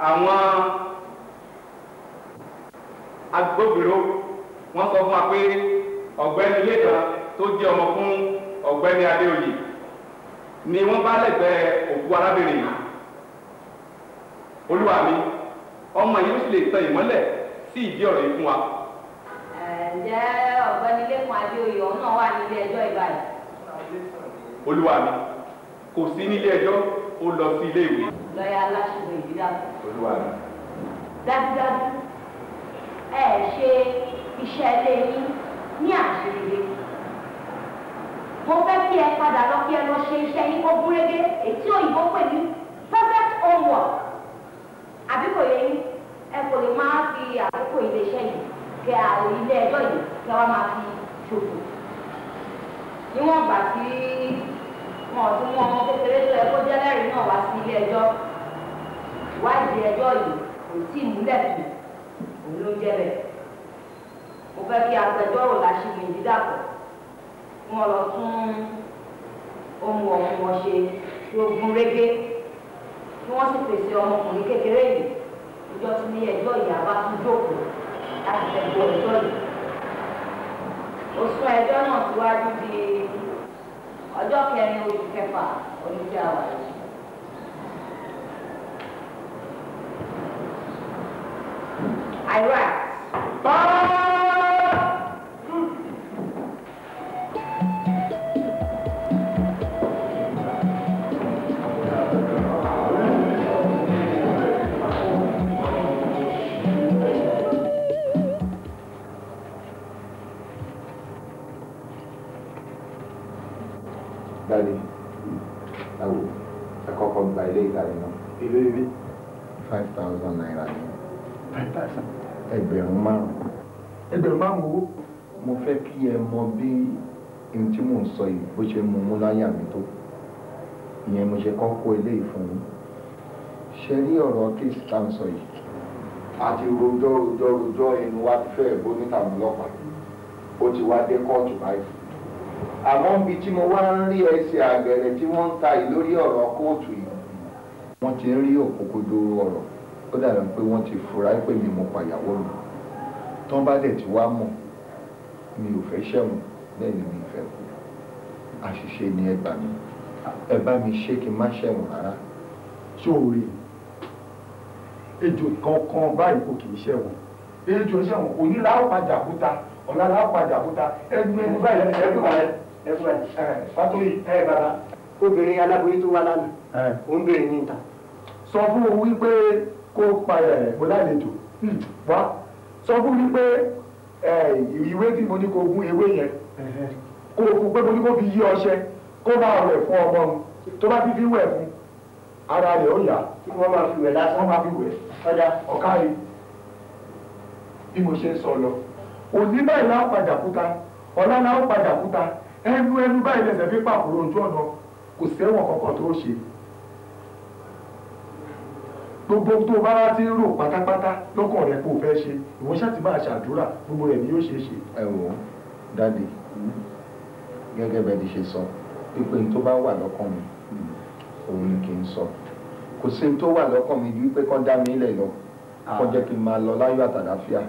àwọn agbófinró wọ́n sọ fún wa pé ọ̀gbẹ́ni lẹ́kan tó jẹ́ ọmọ fún ọ̀gbẹ́ni adéoyè ni wọ́n bá lẹ́gbẹ̀ẹ́ òkú arábìnrin yìí olúwa mi ọmọ yìí ó sì lè tan ìmọ́lẹ̀ sí ìdí ọ̀rọ̀ yìí fún wa. ǹjẹ́ ọ̀gbẹ́ni lẹ́kùn adéoyè ọ̀hún náà wà nílé ẹjọ́ ìbàdàn. olúwa mi kò sí nílé ẹjọ́ ó lọ sí ilé ìwé. lọ́yà aláṣùwọ̀n ìdílé olúwa mi. dájúdájú ẹ ṣe iṣẹ́ ilé yín ní àṣírí mo fẹ́ kí ẹ padà lọ kí ẹ lọ ṣe iṣẹ́ yín kó gúnrégé èyí tí òyìnbó pè ní perfect homework àbí kò yẹ yín ẹ kò lè máa fi àkókò iléeṣẹ́ yìí kẹ àwọn ilé ẹjọ́ yìí kẹ wá máa fi ṣòfò níwọ̀n ìgbà tí wọn ọdún mú ọmọ kékeré tó yẹ kó jẹ́ lẹ́rìí náà wá sí ilé ẹjọ́ ìwádìí ẹjọ́ yìí kò tí ì múlẹ̀ tù òun ló jẹ́ bẹ́ẹ̀ mo fẹ́ kí agbẹjọ́rò làṣìmì dídàpọ̀ wọn lọ tún ohun ọ̀hún wọn ṣe tí ó gún régé kí wọ́n sì pèsè ọmọkùnrin kékeré yìí ìjọ tí ní ẹjọ́ ìyá bá tún jókòó láti tẹ̀gbọ́ ẹjọ́ yìí. ó sún ẹjọ́ náà síwájú di ọjọ́ kẹrin oṣù kẹfà ọdún tí a wà yìí. Iraq. Bye. dáre ẹwò ẹ kọ́kọ́ gba ilé ìdarí náà. ilé ilé. five thousand naira ni. five thousand. ẹgbẹ̀rún márùn-ún. ẹgbẹ̀rún márùn-ún owó. mo fẹ́ kí ẹ mọ bí ohun tí mò ń sọ yìí bó ṣe mú mú láyà mi tó ìyẹn mo ṣe kọ́kọ́ ilé ìfún yín ṣe rí ọ̀rọ̀ kéèsì tá à ń sọ yìí. àti rojọ́ rojọ́ rojọ́ ẹnu wa fẹ́ẹ̀ bó níta ọlọ́pàá ó ti wá dé kóòtù báyìí àmọ́ níbi tí mo wá ń rí ẹsẹ̀ àgẹ̀rẹ̀ tí wọ́n ń ta yìí lórí ọ̀rọ̀ kóòtù yìí. wọ́n ti ń rí òkúkúdúró ọ̀rọ̀ ó dàbí pé wọ́n ti fura pé mi mo pàyàwó mi tán bá dẹ̀ ti wá mọ̀ mi ò fẹ́ ṣẹ̀wọ̀n bẹ́ẹ̀ ni mi fẹ́ kú àṣìṣe ni ẹ gbà mí ẹ bá mi ṣe kí n má ṣẹ̀wọ̀n rárá. sóòrè ejò kankan báyìí kò kì í ṣẹ̀wọ̀n ejò ṣẹ̀wọ̀n òní làá padà kúta ọ̀la làá padà kúta ẹgbẹ́ ẹni báyìí ẹgbẹ́ wà lẹ́nu. Uh, fatuli obìnrin lánàá ta. sọ fún un wípé kó eh, mo lálejò hmm. wá sọ fún un wípé eh, ìwé tí mo ní kó gún ewé yẹn kó o fún pé mo ní kó fi yí ọṣẹ kó bá fún ọmọ tó bá fi fi fún ara ó máa fi lásán. máa fi bí mo ṣe ń sọ lọ. òní padà kúta ẹnu ẹnu báyìí lẹsẹ fi pàkúrò ojú ọ̀nà kò sẹ́wọ̀n kankan tó ṣe gbogbo tó bá wá ti ń rò pátápátá lọ́kàn rẹ̀ kò fẹ́ ṣe ìwọ ṣáà ti máa ṣàdúrà gbogbo rẹ̀ ni yóò ṣe é ṣe. ẹ wò ó dáàdi gẹ́gẹ́ bẹ́ẹ̀ ti ṣe sọ pípé tó bá wà lọ́kàn mi òun ni kì í sọ kò sí tó wà lọ́kàn mi ju pé kán dá mi lẹ̀ lọ ah. kó jẹ́ kí n máa lọ láyọ̀ àtàlàfíà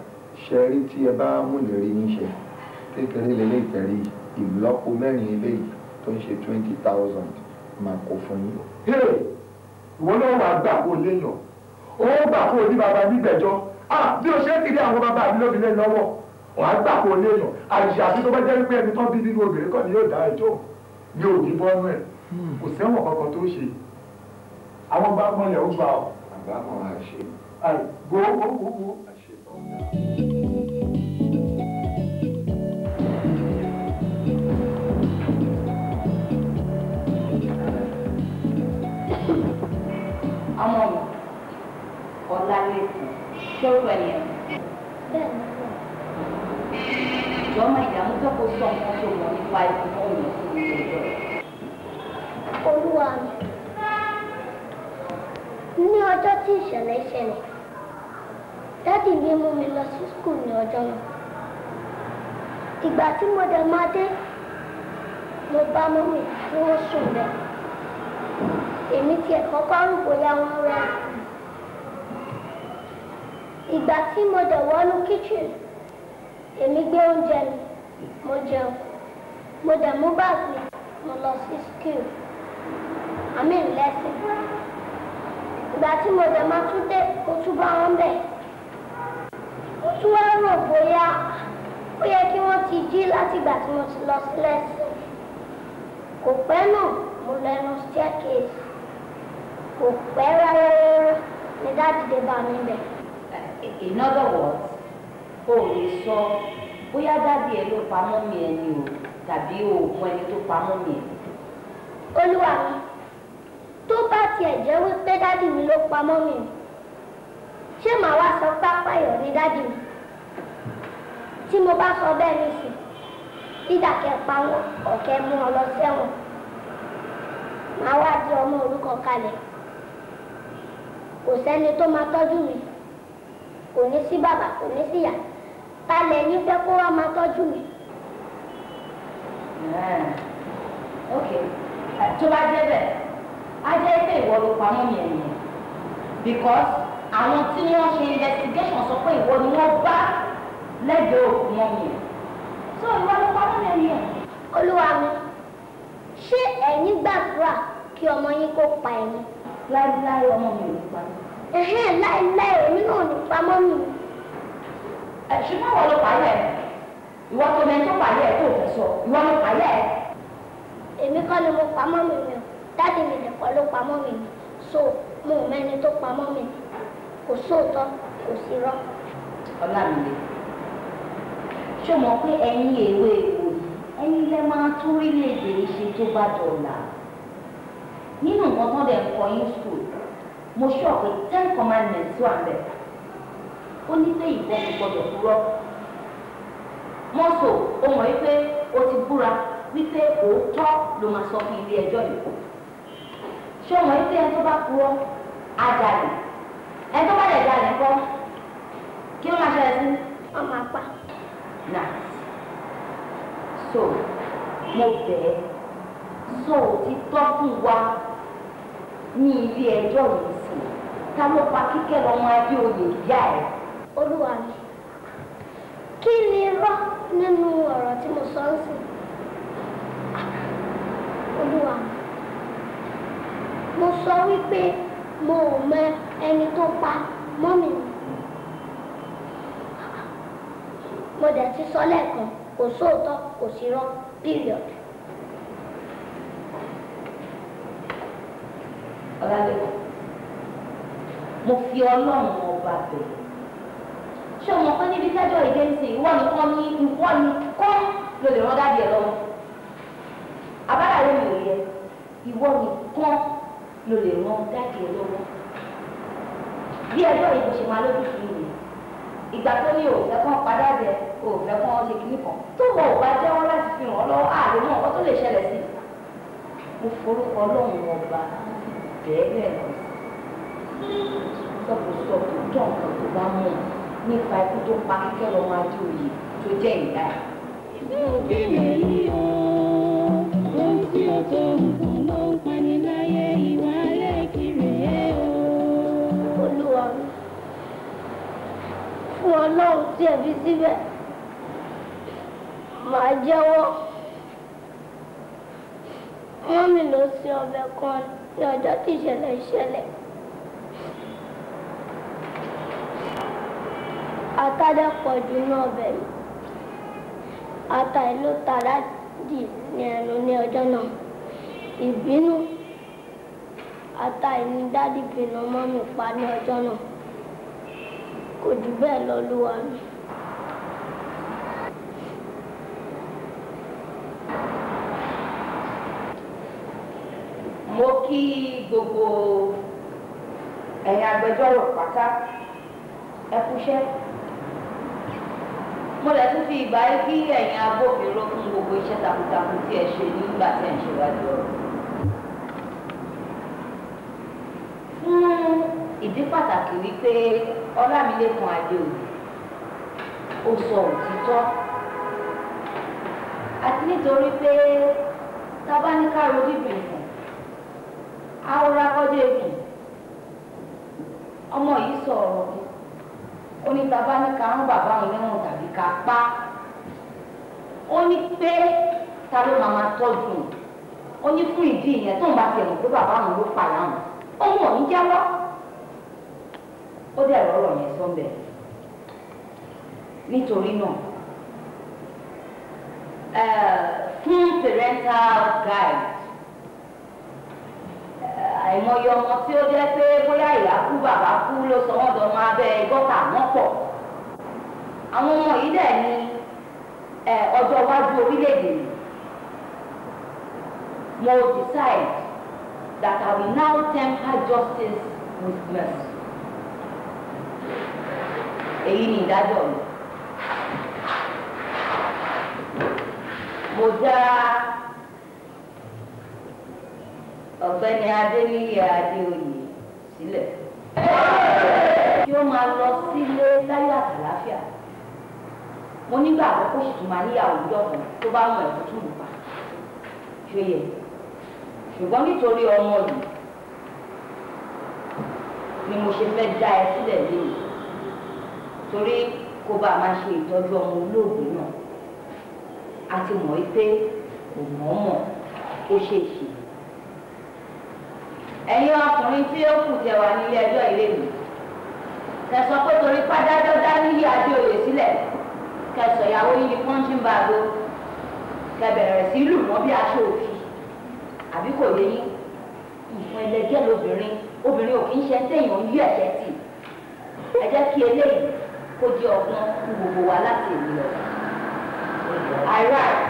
ṣe rí tí ẹ bá múlẹ̀ rí yín ṣe kékeré lélẹ́ẹ̀tẹ̀rí yìí ìlọ́po mẹ́rin eléyìí tó ń ṣe twenty thousand máa kó fún yín. ìwọ náà wàá gbà kó léèyàn ó gbà kó ní bàbá ah bí o ṣe ń kiri àwọn bàbá mi lóbi lẹ́yìn lọ́wọ́ wọn á gbà kó léèyàn àṣìṣe àti tó bá jẹ́ pé ẹni tó bí nínú obìnrin kan ni yóò dá ẹjọ́ ní òbí bọ́nú ẹ̀ hmm. kò sẹ́wọ̀n kankan tó ṣe àwọn bá mọ̀lẹ́ ó gbà ọ́. àbámọ̀ àṣe. àìgbó ó ọmọ mi ọ̀làlẹ́kùn ṣé ó rẹ̀ yẹn. bẹ́ẹ̀ ni ìjọ máa ìdààmú tó kó sọ nǹkan tó mọ̀ nípa ìfowó mi fún ìjọ. olúwa mi ní ọjọ́ tí ìṣẹ̀lẹ̀ ṣẹlẹ̀ dádì mi mú mi lọ sí skul ní ọjọ́ náà ìgbà tí mo dẹ̀ máa dé mo bá mọ́mì tí wọ́n sùn bẹ́ẹ̀ èmi tiẹ̀ kọ́kọ́ rò bóyá wọ́n rẹ̀. ìgbà tí mo dẹ̀ wọnú kíchìn èmi gbé oúnjẹ mi mo jẹun mo dẹ̀ mú báàgì mi mo lọ sí skul àmì lẹ́sìn ìgbà tí mo dẹ̀ máa tún dé mo tún bá wọn bẹ̀ mo tún wá rò bóyá ó yẹ kí wọ́n ti jí láti ìgbà tí mo ti lọ sí lẹ́sìn kò pẹ́ náà mo lọ ẹnu staircase. Eh, in other words o ò lè sọ bóyá dáàdì ẹ ló pa mọ́mì ẹ ni o tàbí oògùn ẹni tó pa mọ́mì ẹ. olúwa mi tó bá tiẹ̀ jẹ́ wípé dáàdì mi ló pa mọ́mì mi ṣé màá wá sọ pápá ìyọ̀ ní dáàdì mi tí mo bá sọ bẹ́ẹ̀ nísìn dídà kẹ pa wọn ọ̀kẹ́ mú ọ lọ sẹ́wọ̀n màá wá di ọmọ orúkọ kalẹ̀ kò sẹ́ni tó máa tọ́jú mi kò ní sí bàbá kò ní sí ìyá ta lẹ́yìn fẹ́ kó wá máa tọ́jú mi. tó bá jẹ́ bẹ́ẹ̀ á jẹ́ pé ìwọ ló pa mọ́mí ẹ̀ because àwọn tí wọ́n ṣe investigation sọ pé ìwọ ni wọ́n bá lẹ́gbẹ̀ẹ́ òkú mọ́mí ẹ̀ so ìwọ ló pa mọ́mí ẹ̀ nìyẹn. olúwa mi ṣé ẹ̀yin gbàdúrà kí ọmọ yín kó pa ẹ̀yin láíláí ọmọ mi ò pa. ẹ̀hẹ́n láíláí èmi náà ní pamọ́ mi. ẹ ṣùgbọ́n wọn ló parí ẹ ìwọ tó mẹ tó parí ẹ tó fẹ́ sọ ìwọ ló parí ẹ. èmi kọ́ ni mo pamọ́ mi mi o dáàdì mi nìkan ló pamọ́ mi mi so mo ò mẹ́ni tó pamọ́ mi mi kò sóòótọ́ kò sí rọ́. ọlámilé ṣó mọ̀ pé ẹ̀yin èwe èkó yìí ẹ̀yin lẹ máa tún orílẹ̀-èdè yìí tó bá dọ̀la nínú nǹkan tán dẹ̀ ń kọ́ yín skul mo sọ pé ten commandments wà bẹ̀ ó ní pé ìbọn kò gbọdọ̀ purọ́ mọ́sọ̀ ó mọ̀ wípé ó ti búra wípé òótọ́ ló máa sọ fún ilé ẹjọ́ yìí ṣé ọmọ wípé ẹni tó bá purọ́ ajalè ẹni tó bá dẹ̀ jalè ńkọ́ kí ló máa ṣẹlẹ̀ sí wọ́n máa pa so mo bẹ̀ so ti tọ́ fún wa ní ilé ẹjọ́ yìí sí ta ló pa kíkẹ́ lọ́mọ adé oyè ìyá ẹ̀. olúwa mi kí ni irọ́ nínú ọ̀rọ̀ tí mo sọ ń sìn olúwa mi mo sọ wípé mo ò mọ ẹni tó pa mọ́mì mi mo dẹ̀ ti sọ lẹ́ẹ̀kan kò sóòótọ́ kò sí rọ́ period. ọlálẹ́kọ̀ọ́ mo fi ọlọ́run ọba bẹ̀ ṣé o mọ̀ pé níbi tẹ́jọ́ ìdẹ́nsì ìwọ nìkan ní ìwọ nìkan ló lè rán dáàbì ẹ̀ lọ́wọ́ abáláyé mi ò yẹ ìwọ nìkan ló lè rán dáàbì ẹ̀ lọ́wọ́ bí ẹjọ́ yìí kò ṣe máa lójú sí ìwé ìgbà tó ní òfẹ́ kan padà jẹ òfẹ́ kan ṣe kìíní kan tó wọ ò bá jẹ́wọ́ láti fi hàn ọ́ lọ́wọ́ ààrẹ náà tó lè ṣẹlẹ̀ sí mo forúkọ ọlọ́run ọba bẹ́ẹ̀ lẹ́nu sọ̀kòsọ̀kò tó nǹkan tó bá mọ̀ nípa ikú tó pa kíkẹ́ lọ́mọ adéoyè tó jẹ́ ìyá ẹ̀. ìdí òbí mi yí o ohun tí o tó nǹkan ló ń pani láyé ìwà lẹ́kìrì ẹ̀ o. olúwa fún ọlọ́run tí ẹ fi síbẹ̀ màá jẹ́wọ́ mọ́mì ló ṣe ọbẹ̀ kan ni ní ọjọ́ tí ìṣẹ̀lẹ̀ ìṣẹ̀lẹ̀. atádẹ́ pọ̀ jù ní ọbẹ̀ yìí ata ìlú tara dì ní ẹnu ní ọjọ́ náà ìbínú ata ìní dádì bínú mọ́ mi pa ní ọjọ́ náà kò jù bẹ́ẹ̀ lọ lúwa mi. mo kí gbogbo ẹ̀yin agbẹjọ́rò pátá ẹ mo lè tún fi ìgbà yìí kí ẹ̀yin agbófinró gbogbo iṣẹ́ takuntakun tí ẹ ṣe nígbà tí ẹ ń ṣèwádìí ọ̀rọ̀. fún ìdí pàtàkì wípé ọlámilékan ó sọ òtítọ́ àti nítorí pé arọra kọjá èkùn ọmọ yìí sọ ọ̀rọ̀ mi ó ní bàbá ní ká rán bàbá òun lẹ́wọ̀n tàbí ká pa ó ní pé ta ló máa máa tọ́jú ó ní fún ìdí ìyẹn tóun bá tiẹ̀ mọ̀ pé bàbá òun ló pa láwọn òun ò ní jáwọ́ ó dẹ̀ rọrọ̀ yẹn sọ́ńbẹ̀ nítorí náà fún parental guide àìmọye ọmọ tí ó jẹ́ pé bóyá ìyá kú bàbá kú ló sọ wọ́n dọ̀ máa bẹ gọ́tà wọ́n pọ̀ àwọn ọmọ yìí dẹ̀ ní ọjọ́ iwájú orílẹ̀-èdè yìí mo decide that I will now temper justice with mercy èyí ni ìdájọ́ mi mo dáa ọ̀gbẹ́ni adéníyì adéoyè sílẹ̀. tí ó máa lọ sílé láyé àtàláfíà mo nígbà àkókò sì tún máa níyàwó yọ̀ọ̀kan tó bá mọ̀ ẹ̀kọ́ tún lù pa ṣùgbọ́n nítorí ọmọ yìí ni mo ṣe fẹ́ dá ẹ sílẹ̀ lẹ́yìn torí kó bá máa ṣe ìtọ́jú ọmọ olóògbé náà a ti mọ̀ pé kò mọ̀ọ́mọ̀ ó ṣe é ṣe ẹ̀yin ọkùnrin tí ó kù jẹ wà nílé ẹjọ́ ilé mi kẹsàn pé torí pádájọ́ dáníyí adéoyè sílẹ̀ kẹsàn ìyàwó yìí ni pọ́ńṣín bá gbó kẹbẹ̀rẹ̀ sí lù wọ́n bí aṣọ òfì àbí kò yé yín ìfún ẹlẹgẹ́ lóbìnrin obìnrin ò kì í ṣe téèyàn ń yí ẹ̀ṣẹ̀ tì ẹ jẹ́ kí eléyìí kó jẹ́ ọgbọ́n gbogbo wa láti èmi lọ. I rise.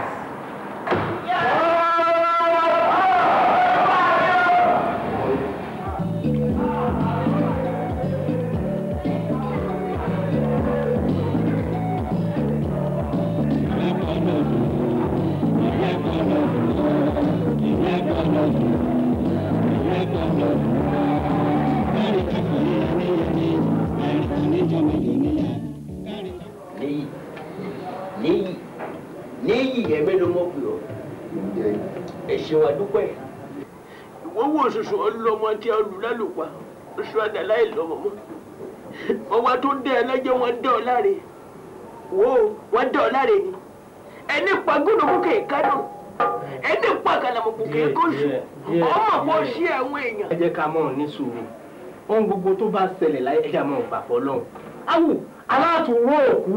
ìyẹn mélòó mọ̀ pé ọ ẹ ṣeun àdúpẹ́ ìwọ wo ṣoṣo ọlọmọ tí a lù lálùpà oṣù àdàlà ìlọmọ mọ ọwọ́ tó dé ẹlẹ́jọ́ wọn dé ọ láre wo wọn dé ọ láre ni ẹni pa gbọdọgbọ kẹ̀kẹ́ náà ẹni pa kàlàmọ̀kù kẹ̀kẹ́ oṣù ọmọ pọ̀ sí àwọn èèyàn. ẹ jẹ́ ká mọ̀ ní sùúrù ohun gbogbo tó bá ṣẹlẹ̀ láyé ẹ̀yà mọ̀ gbà fọ́ lọ́hùn. awù aláàtúwọ̀ òkú.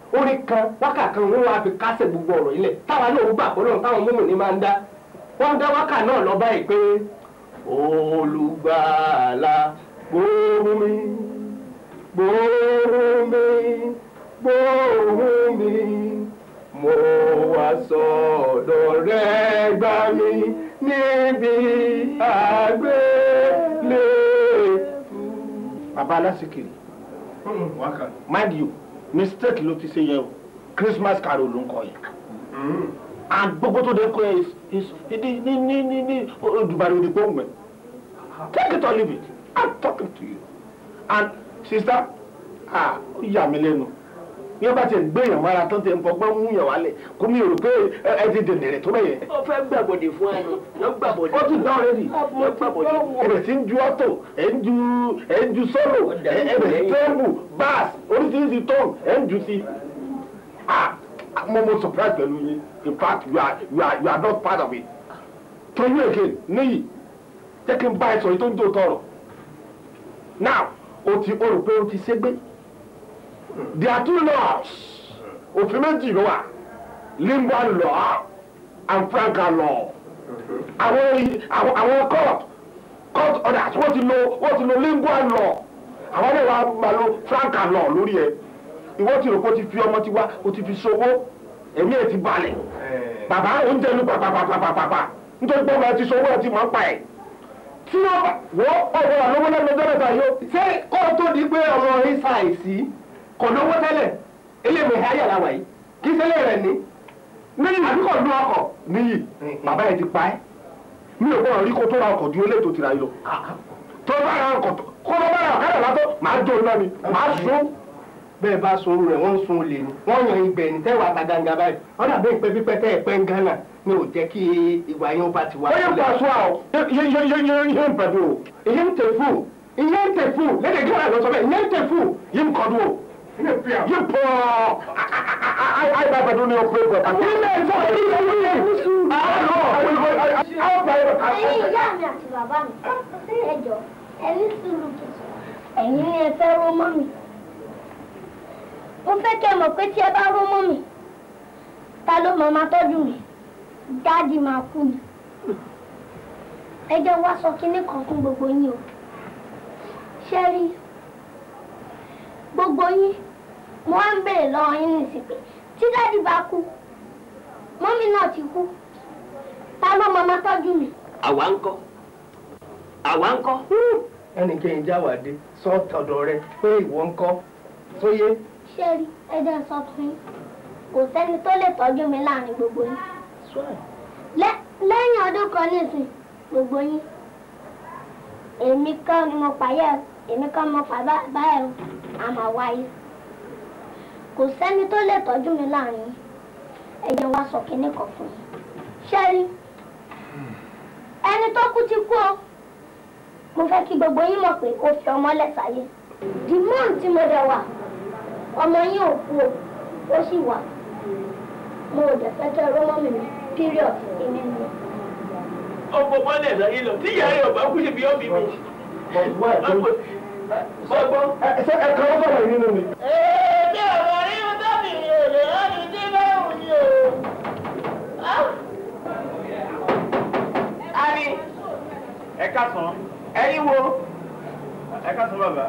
orí kan wákà kan ló wá fi kásẹ̀ gbogbo ọ̀rọ̀ ilẹ̀ táwa náà ó gbà pé náà táwọn mímù ní máa ń dá wọ́n dá wákà náà lọ báyìí pé olùgbàlà gbóòórùn mi gbóòórùn mi gbóòórùn mi mo wá sọ̀dọ̀ rẹ gbà mí níbi àgbélé. bàbá aláṣẹ kiri mind you mistake ló ti ṣe yẹn o christmas carol ló ń kọ yẹn mm. and gbogbo tó dé kọ yẹn ní ní ní ní olùbàdàn òdìgbò ń take it or leave it i'm talking to you and sister ah ó yà mí lẹ́nu bí ó bá ti ń gbé èèyàn mára tó ń tẹ̀ ń fọgbọ́n mú yàn wálẹ̀ kó mi rò pé ẹ ti dènà rẹ̀ tó bẹ̀ ó fẹ́ gbàbọ̀dè fún ẹ ní ló gbàbọ̀dè. ó ti dán rẹ́dì ló gbàbọ̀dè. ẹ̀rẹ̀ tí ń ju ọ́tò ẹ̀ ń ju ẹ̀ ń ju sọ́lò ẹ̀rẹ̀ tẹ́ẹ̀bù báàs oríṣiríṣi tọ́ọ̀n ẹ̀ ń ju sí. mo surprise pẹ̀lú yín in fact you are not part of it. tọ́jú èké níyì jẹ́ kí n bá ẹ sọ̀rọ̀ tó ń dò tọ̀rọ̀ now o ti o there are two laws òfin méjì ló wà lingual law and franca law àwọn àwọn court court orders wọ́n ti lo wọ́n ti lo lingual law àwọn lè wá máa lo franca law lórí ẹ̀ ìwọ́n ti rò pé o ti fi ọmọ tiwa o ti fi ṣòwò èmi ẹ̀ ti balẹ̀ eh. bàbá oúnjẹ ní pàpàpàpàpàpà nítorí pé ọmọ ẹ ti ṣòwò ẹ ti máa ń pa ẹ̀ tí wọ́n wọ́ ọ̀rọ̀ àlọ́wọ́lẹ́nu ọjọ́ mẹ́ta yóò ṣé kó o tó di pé ọmọ rí ṣàìsí. kò lówó tẹ́lẹ̀ eléèmé háyà làwà yìí kí sẹ́lẹ̀ rẹ̀ ní níyì àbíkọ̀ lu ọkọ̀ níyì ti pa ẹ́ mi ò gbọ́dọ̀ tó ra ọkọ̀ ju eléètò tó ọkọ̀ kó bá ra ọ̀kadà látọ̀ máa jó iná máa sún bẹ́ẹ̀ bá rẹ̀ wọ́n ń wọ́n ibẹ̀ ni ti Yipo! I never do no pray for that. You may so be the way. I know. I will go. I will buy it. Ẹ̀yin ìyá mi àti bàbá mi. Sí ẹjọ́, ẹni sùúrù kì í sọ. Ẹ̀yin ni ẹ fẹ́ ró mọ́ mi. Mo fẹ́ kẹ́ mọ̀ pé tí ẹ bá ró mọ́ mi, ta ló máa máa tọ́jú mi? Dáàdì máa kú mi. Ẹ jẹ́ wá sọ kinní kan fún gbogbo yín o. Ṣé rí i? gbogbo yín mo wá ń béèrè lọ́wọ́ yín nísìnyí pé tí dáàdì bá kú mọ́mí náà ti kú ta ló mọ ọmọ tọ́jú mi. àwa ń kọ́ àwa ń kọ́. Hmm. ẹnikẹ́ni jáwàdé sọ tọ̀dọ̀ rẹ pé ìwọ ń kọ́ sóyé. ṣé rí ẹjẹ sọ fún yín kò sẹ́ni tó lè tọ́jú mi láàrin gbogbo yín. lẹ́yìn ọdún kan nísìn gbogbo yín èmi kọ́ ni mo pààyà èmi kan mọ fàbá báyìí a máa wáyé kò sẹ́ni tó lè tọ́jú mi láàrin ẹ jẹ́ wá sọ kinní kan fún yín ṣẹ́rí ẹni tó kú ti kú o mo fẹ́ kí gbogbo yín mọ̀ pé o fi ọmọ lẹ̀ sáyé the month tí mo dẹ̀ wà ọmọ yín ò kú o ó sì wà mo ò dẹ̀ fẹ́ tẹ ọmọ mi mi period ìní mi. ọ̀pọ̀ mọ́lẹ̀ láyé lọ tí ìyá rẹ̀ ọ̀bá kú lè bí ọ́ bí ṣé ẹ kàn ó sọ̀rọ̀ yìí nínú mi. èmi ọ̀rọ̀ rí tẹ́bìrì ò lè rántí tí bẹ́ẹ̀ wù ni o. ami ẹ ká sàn ẹyin wo ẹ ká sàn bàbá.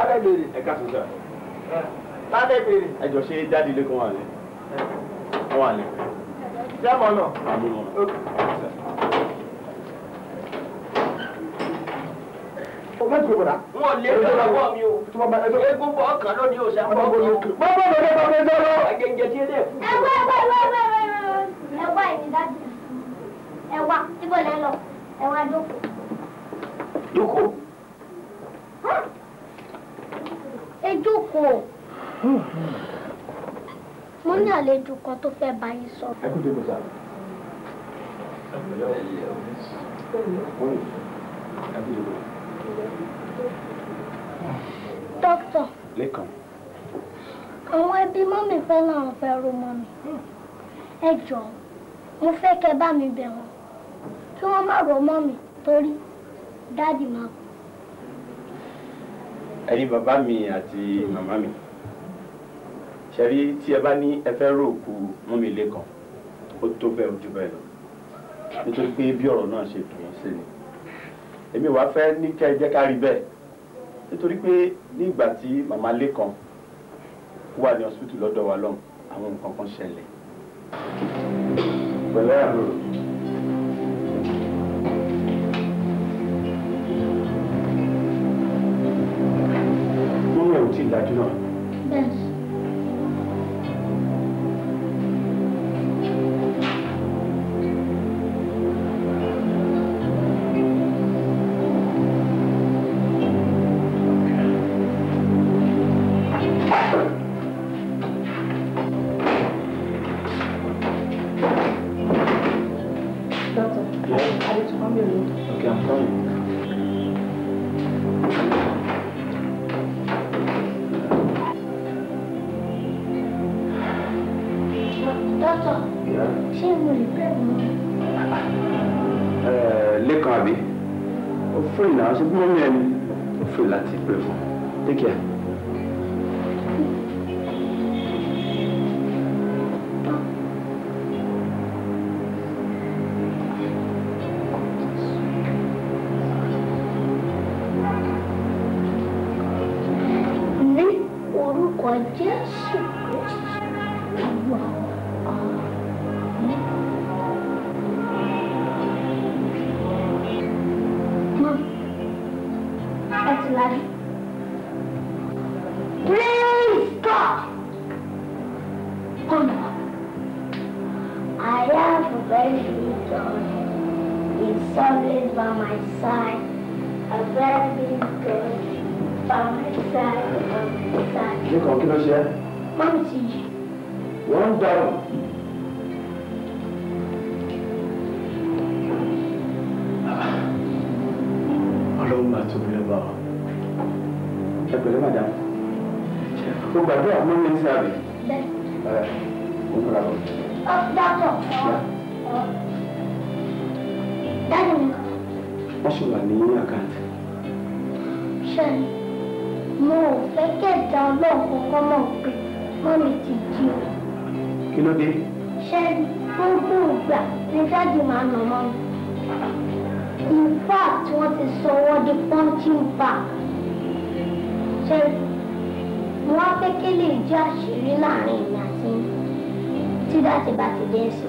Adébèrè. Ẹ ká sàn sà. Adébèrè. Ẹ jọ ṣe jáde ilé kan wà wọ́n wà lẹ́. ṣé àmọ́ náà. àmì wọn. o bẹ gbogbo la. n ò lè lọ lọ́wọ́ mi o. egun bọ ọkàn lónìí o sábà bọ mi o. bọ́ọ̀ bọ́ọ̀ bọ́ọ̀ bọ́ọ̀ bọ́ọ̀ bọ́ọ̀. àgẹ̀ǹjẹ̀ tí ilé fún mi. ẹ wá ẹ wá ẹ wá ẹ wá ẹ wá ẹ̀yin dájú ẹ wá ibo lẹ lọ ẹ wá jókòó. jókòó. ẹ jókòó mo ní àlejò kan tó fẹ́ bá yín sọ. ẹ kú dé bùsà. dókítà. lẹ́kàn. àwọn ẹbí mọ́mì fẹ́ láwọn fẹ́ ro mọ́mì. ẹ jọ̀ọ́ mo fẹ́ kẹ́ bá mi bẹ̀ wọ́n kí wọ́n má ro mọ́mì torí dáàdì máa kú. ẹ̀yin bàbá mi àti màmá mi. Mm ṣẹ̀rí tí ẹ bá ní ẹ fẹ́ rò kú mú mi lé kan ó tó bẹ́ẹ̀ ó ju bẹ́ẹ̀ lọ nítorí pé bí ọ̀rọ̀ náà ṣe dùn sí ni èmi wàá fẹ́ ní kẹ́ ẹ jẹ́ ká rí bẹ́ẹ̀ nítorí pé ní ìgbà tí màmá Lékan wà ní ọsibítù lọ́dọ̀ wa lọ́hùn àwọn nǹkan kan ṣẹlẹ̀ pẹ̀lẹ́ àbúrò. ọmọ àtòbí lọ́ba ọ. ẹ pẹ̀lú madam o gbàdúrà mọ́ mi sí àbí. bẹ́ẹ̀ o múra bọ̀. ọ dàpọ̀ ọ dájú mi. wọ́n sì wà ní àkáǹtì. ṣe mo ò fẹ́ kẹta ọlọ́run kọ́kọ́ mọ̀ pé mọ́mì ti jí o. kí ló dé. ṣe gbogbo ìgbà ni dájú máa nà mọ́ mi in fact wọ́n ti sọ wọ́n di punching bag ṣe wọ́n fẹ́ kí lè jẹ́ àṣírí láàrin ìgbà tí tí dáàtì bá ti dé sí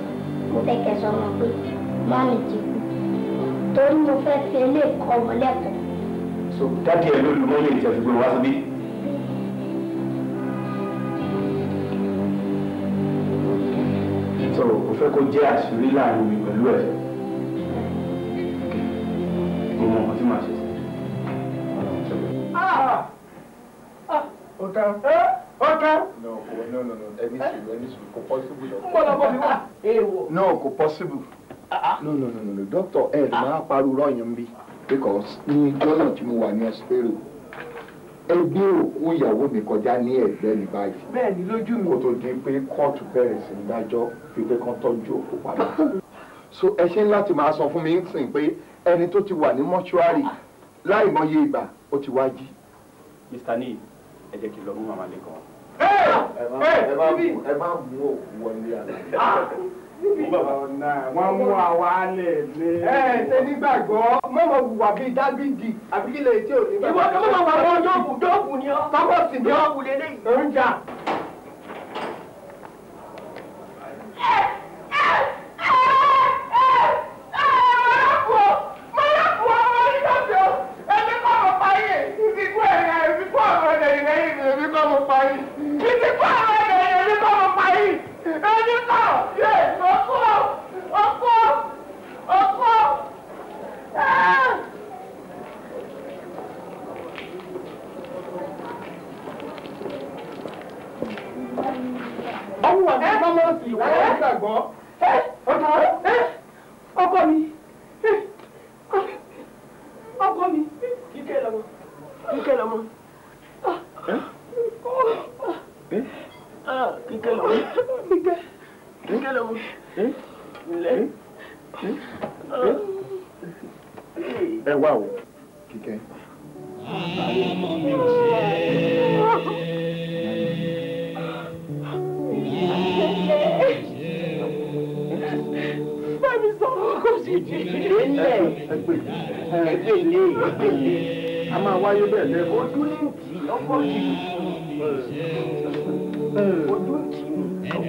mo fẹ́ kẹsàn án pé mọ́mì ti kú torí mo fẹ́ fi ilé kọ́ wọn lẹ́kọ̀ọ́. so dáàtì ẹ ló lu mọ́mì ìjẹ́sìgbè wá síbí. so o fẹ́ kó jẹ́ àṣírí láàrin mi pẹ̀lú ẹ̀ mo mọ nǹkan tí màá ṣe sí ọlọ́run tó lọ. ó tán ó tán. no no no no ẹni sùn ẹni sùn kò possible. n gbọ́dọ̀ bọ̀ mi wá. èèwọ̀. no kò possible. no no no no doctor ẹ ẹ máa pariwo rọyìn bí because ní jọ́nà tí mo wà ní ọ̀sìpẹ̀rù ẹbí òkú ìyàwó mi kọjá ní ẹ̀gbẹ́ ní báyìí. bẹ́ẹ̀ni lójú mi. kó tó di pé kóòtù bẹ̀rẹ̀ sí dájọ́ fi pé kán tọ́jú òkú padà. so ẹ ṣe ń láti máa sọ fún mi ń sìn pé ẹni tó ti wà ní mọ́ṣúárì láì mọye ìgbà ó ti wá jí. mr neil ẹ jẹ́ kí n lọ mú màmá lẹ́kàn. ẹ má mú òkú wọlé àná. Ah! wọ́n mú àwa lè lé. ẹ ṣe nígbàgbọ́ mọ̀mọ́ wùwà bíi dábìdì àbí kí lè tí ò ní. ìwọ tó mọ̀ wà wọ́n dọ́ọ̀bù dọ́ọ̀bù ni ọ́. fábọ̀sì ni ọ́. dọ́ọ̀bù lélẹ́yìí. ò ń jà.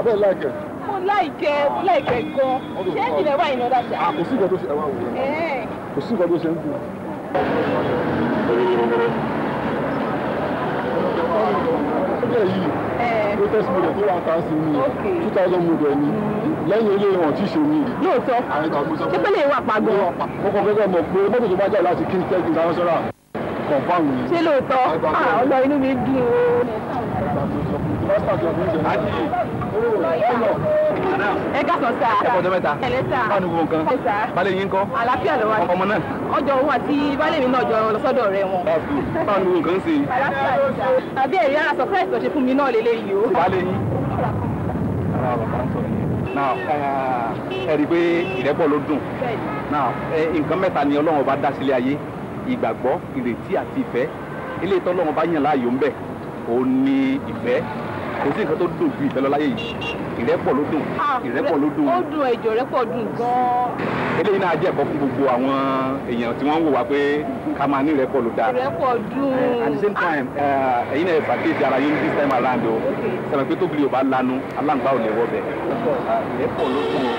abẹ́ láìkẹ́. mo láìkẹ́ mo láìkẹ́ gan ṣé ìjìnlẹ̀ wà iná dáṣà. kò sí nǹkan tó ṣe ẹwà wò kò sí nǹkan tó ṣe ń dùn. ọjọ́ yìí protest model tó wà ká sí ní two thousand model ni mm-hmm. lẹ́yìn ilé wọn tí ṣe ní. lóòótọ́ ṣé pé lè wà pàgọ́. mo kàn fẹ́ kẹ́ mọ̀ pé mọ́tò tó bá jà láti king tech international confam ni. ṣé lóòótọ́ ọlọ́ ah, inú mi dùn ó ẹ ká sọ sáà. ẹ ẹ̀rí o. balẹ̀ yín. ara bàbá ń sọ yẹn now pé ìrẹ́pọ̀ ló dùn nǹkan mẹ́ta ni ọlọ́run ọba dá sílé ayé ìgbàgbọ́ ìrètí àti ìfẹ́ ilé ìtọ́ ọlọ́run ọba yàn láàyò ńbẹ̀ òun ni ìfẹ́ kò sí nǹkan tó dùn ju ìfẹ́ lọ láyé yìí ìrẹ́pọ̀ ló dùn ah, ìrẹ́pọ̀ ló dùn. ó dùn ẹjọ́ rẹ́pọ̀ dùn gan-an. eléyìí náà jẹ́ ẹ̀kọ́ fún gbogbo àwọn èèyàn tí wọ́n ń wò wá pé ká máa ní ìrẹ́pọ̀ ló dáa. ìrẹ́pọ̀ dùn. Eh, at the same time eh, ẹ̀yin náà ẹ̀fà kéde ara yín this time around o sọ̀rọ̀ pé tóbi yóò bá lanu aláǹgbá ò lè wọ bẹ̀. ìrẹ́pọ̀ ló dùn o.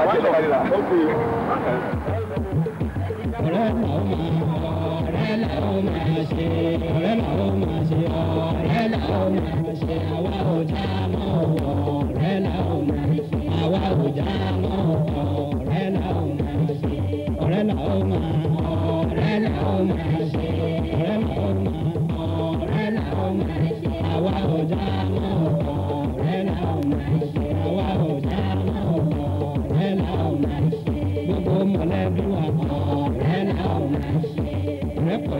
ọ̀rẹ́ Hello, my bàbá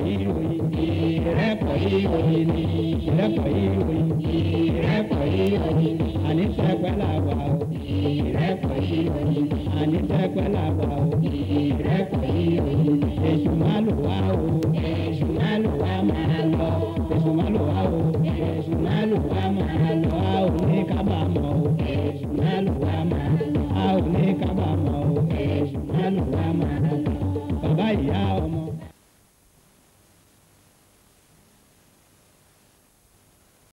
ìyá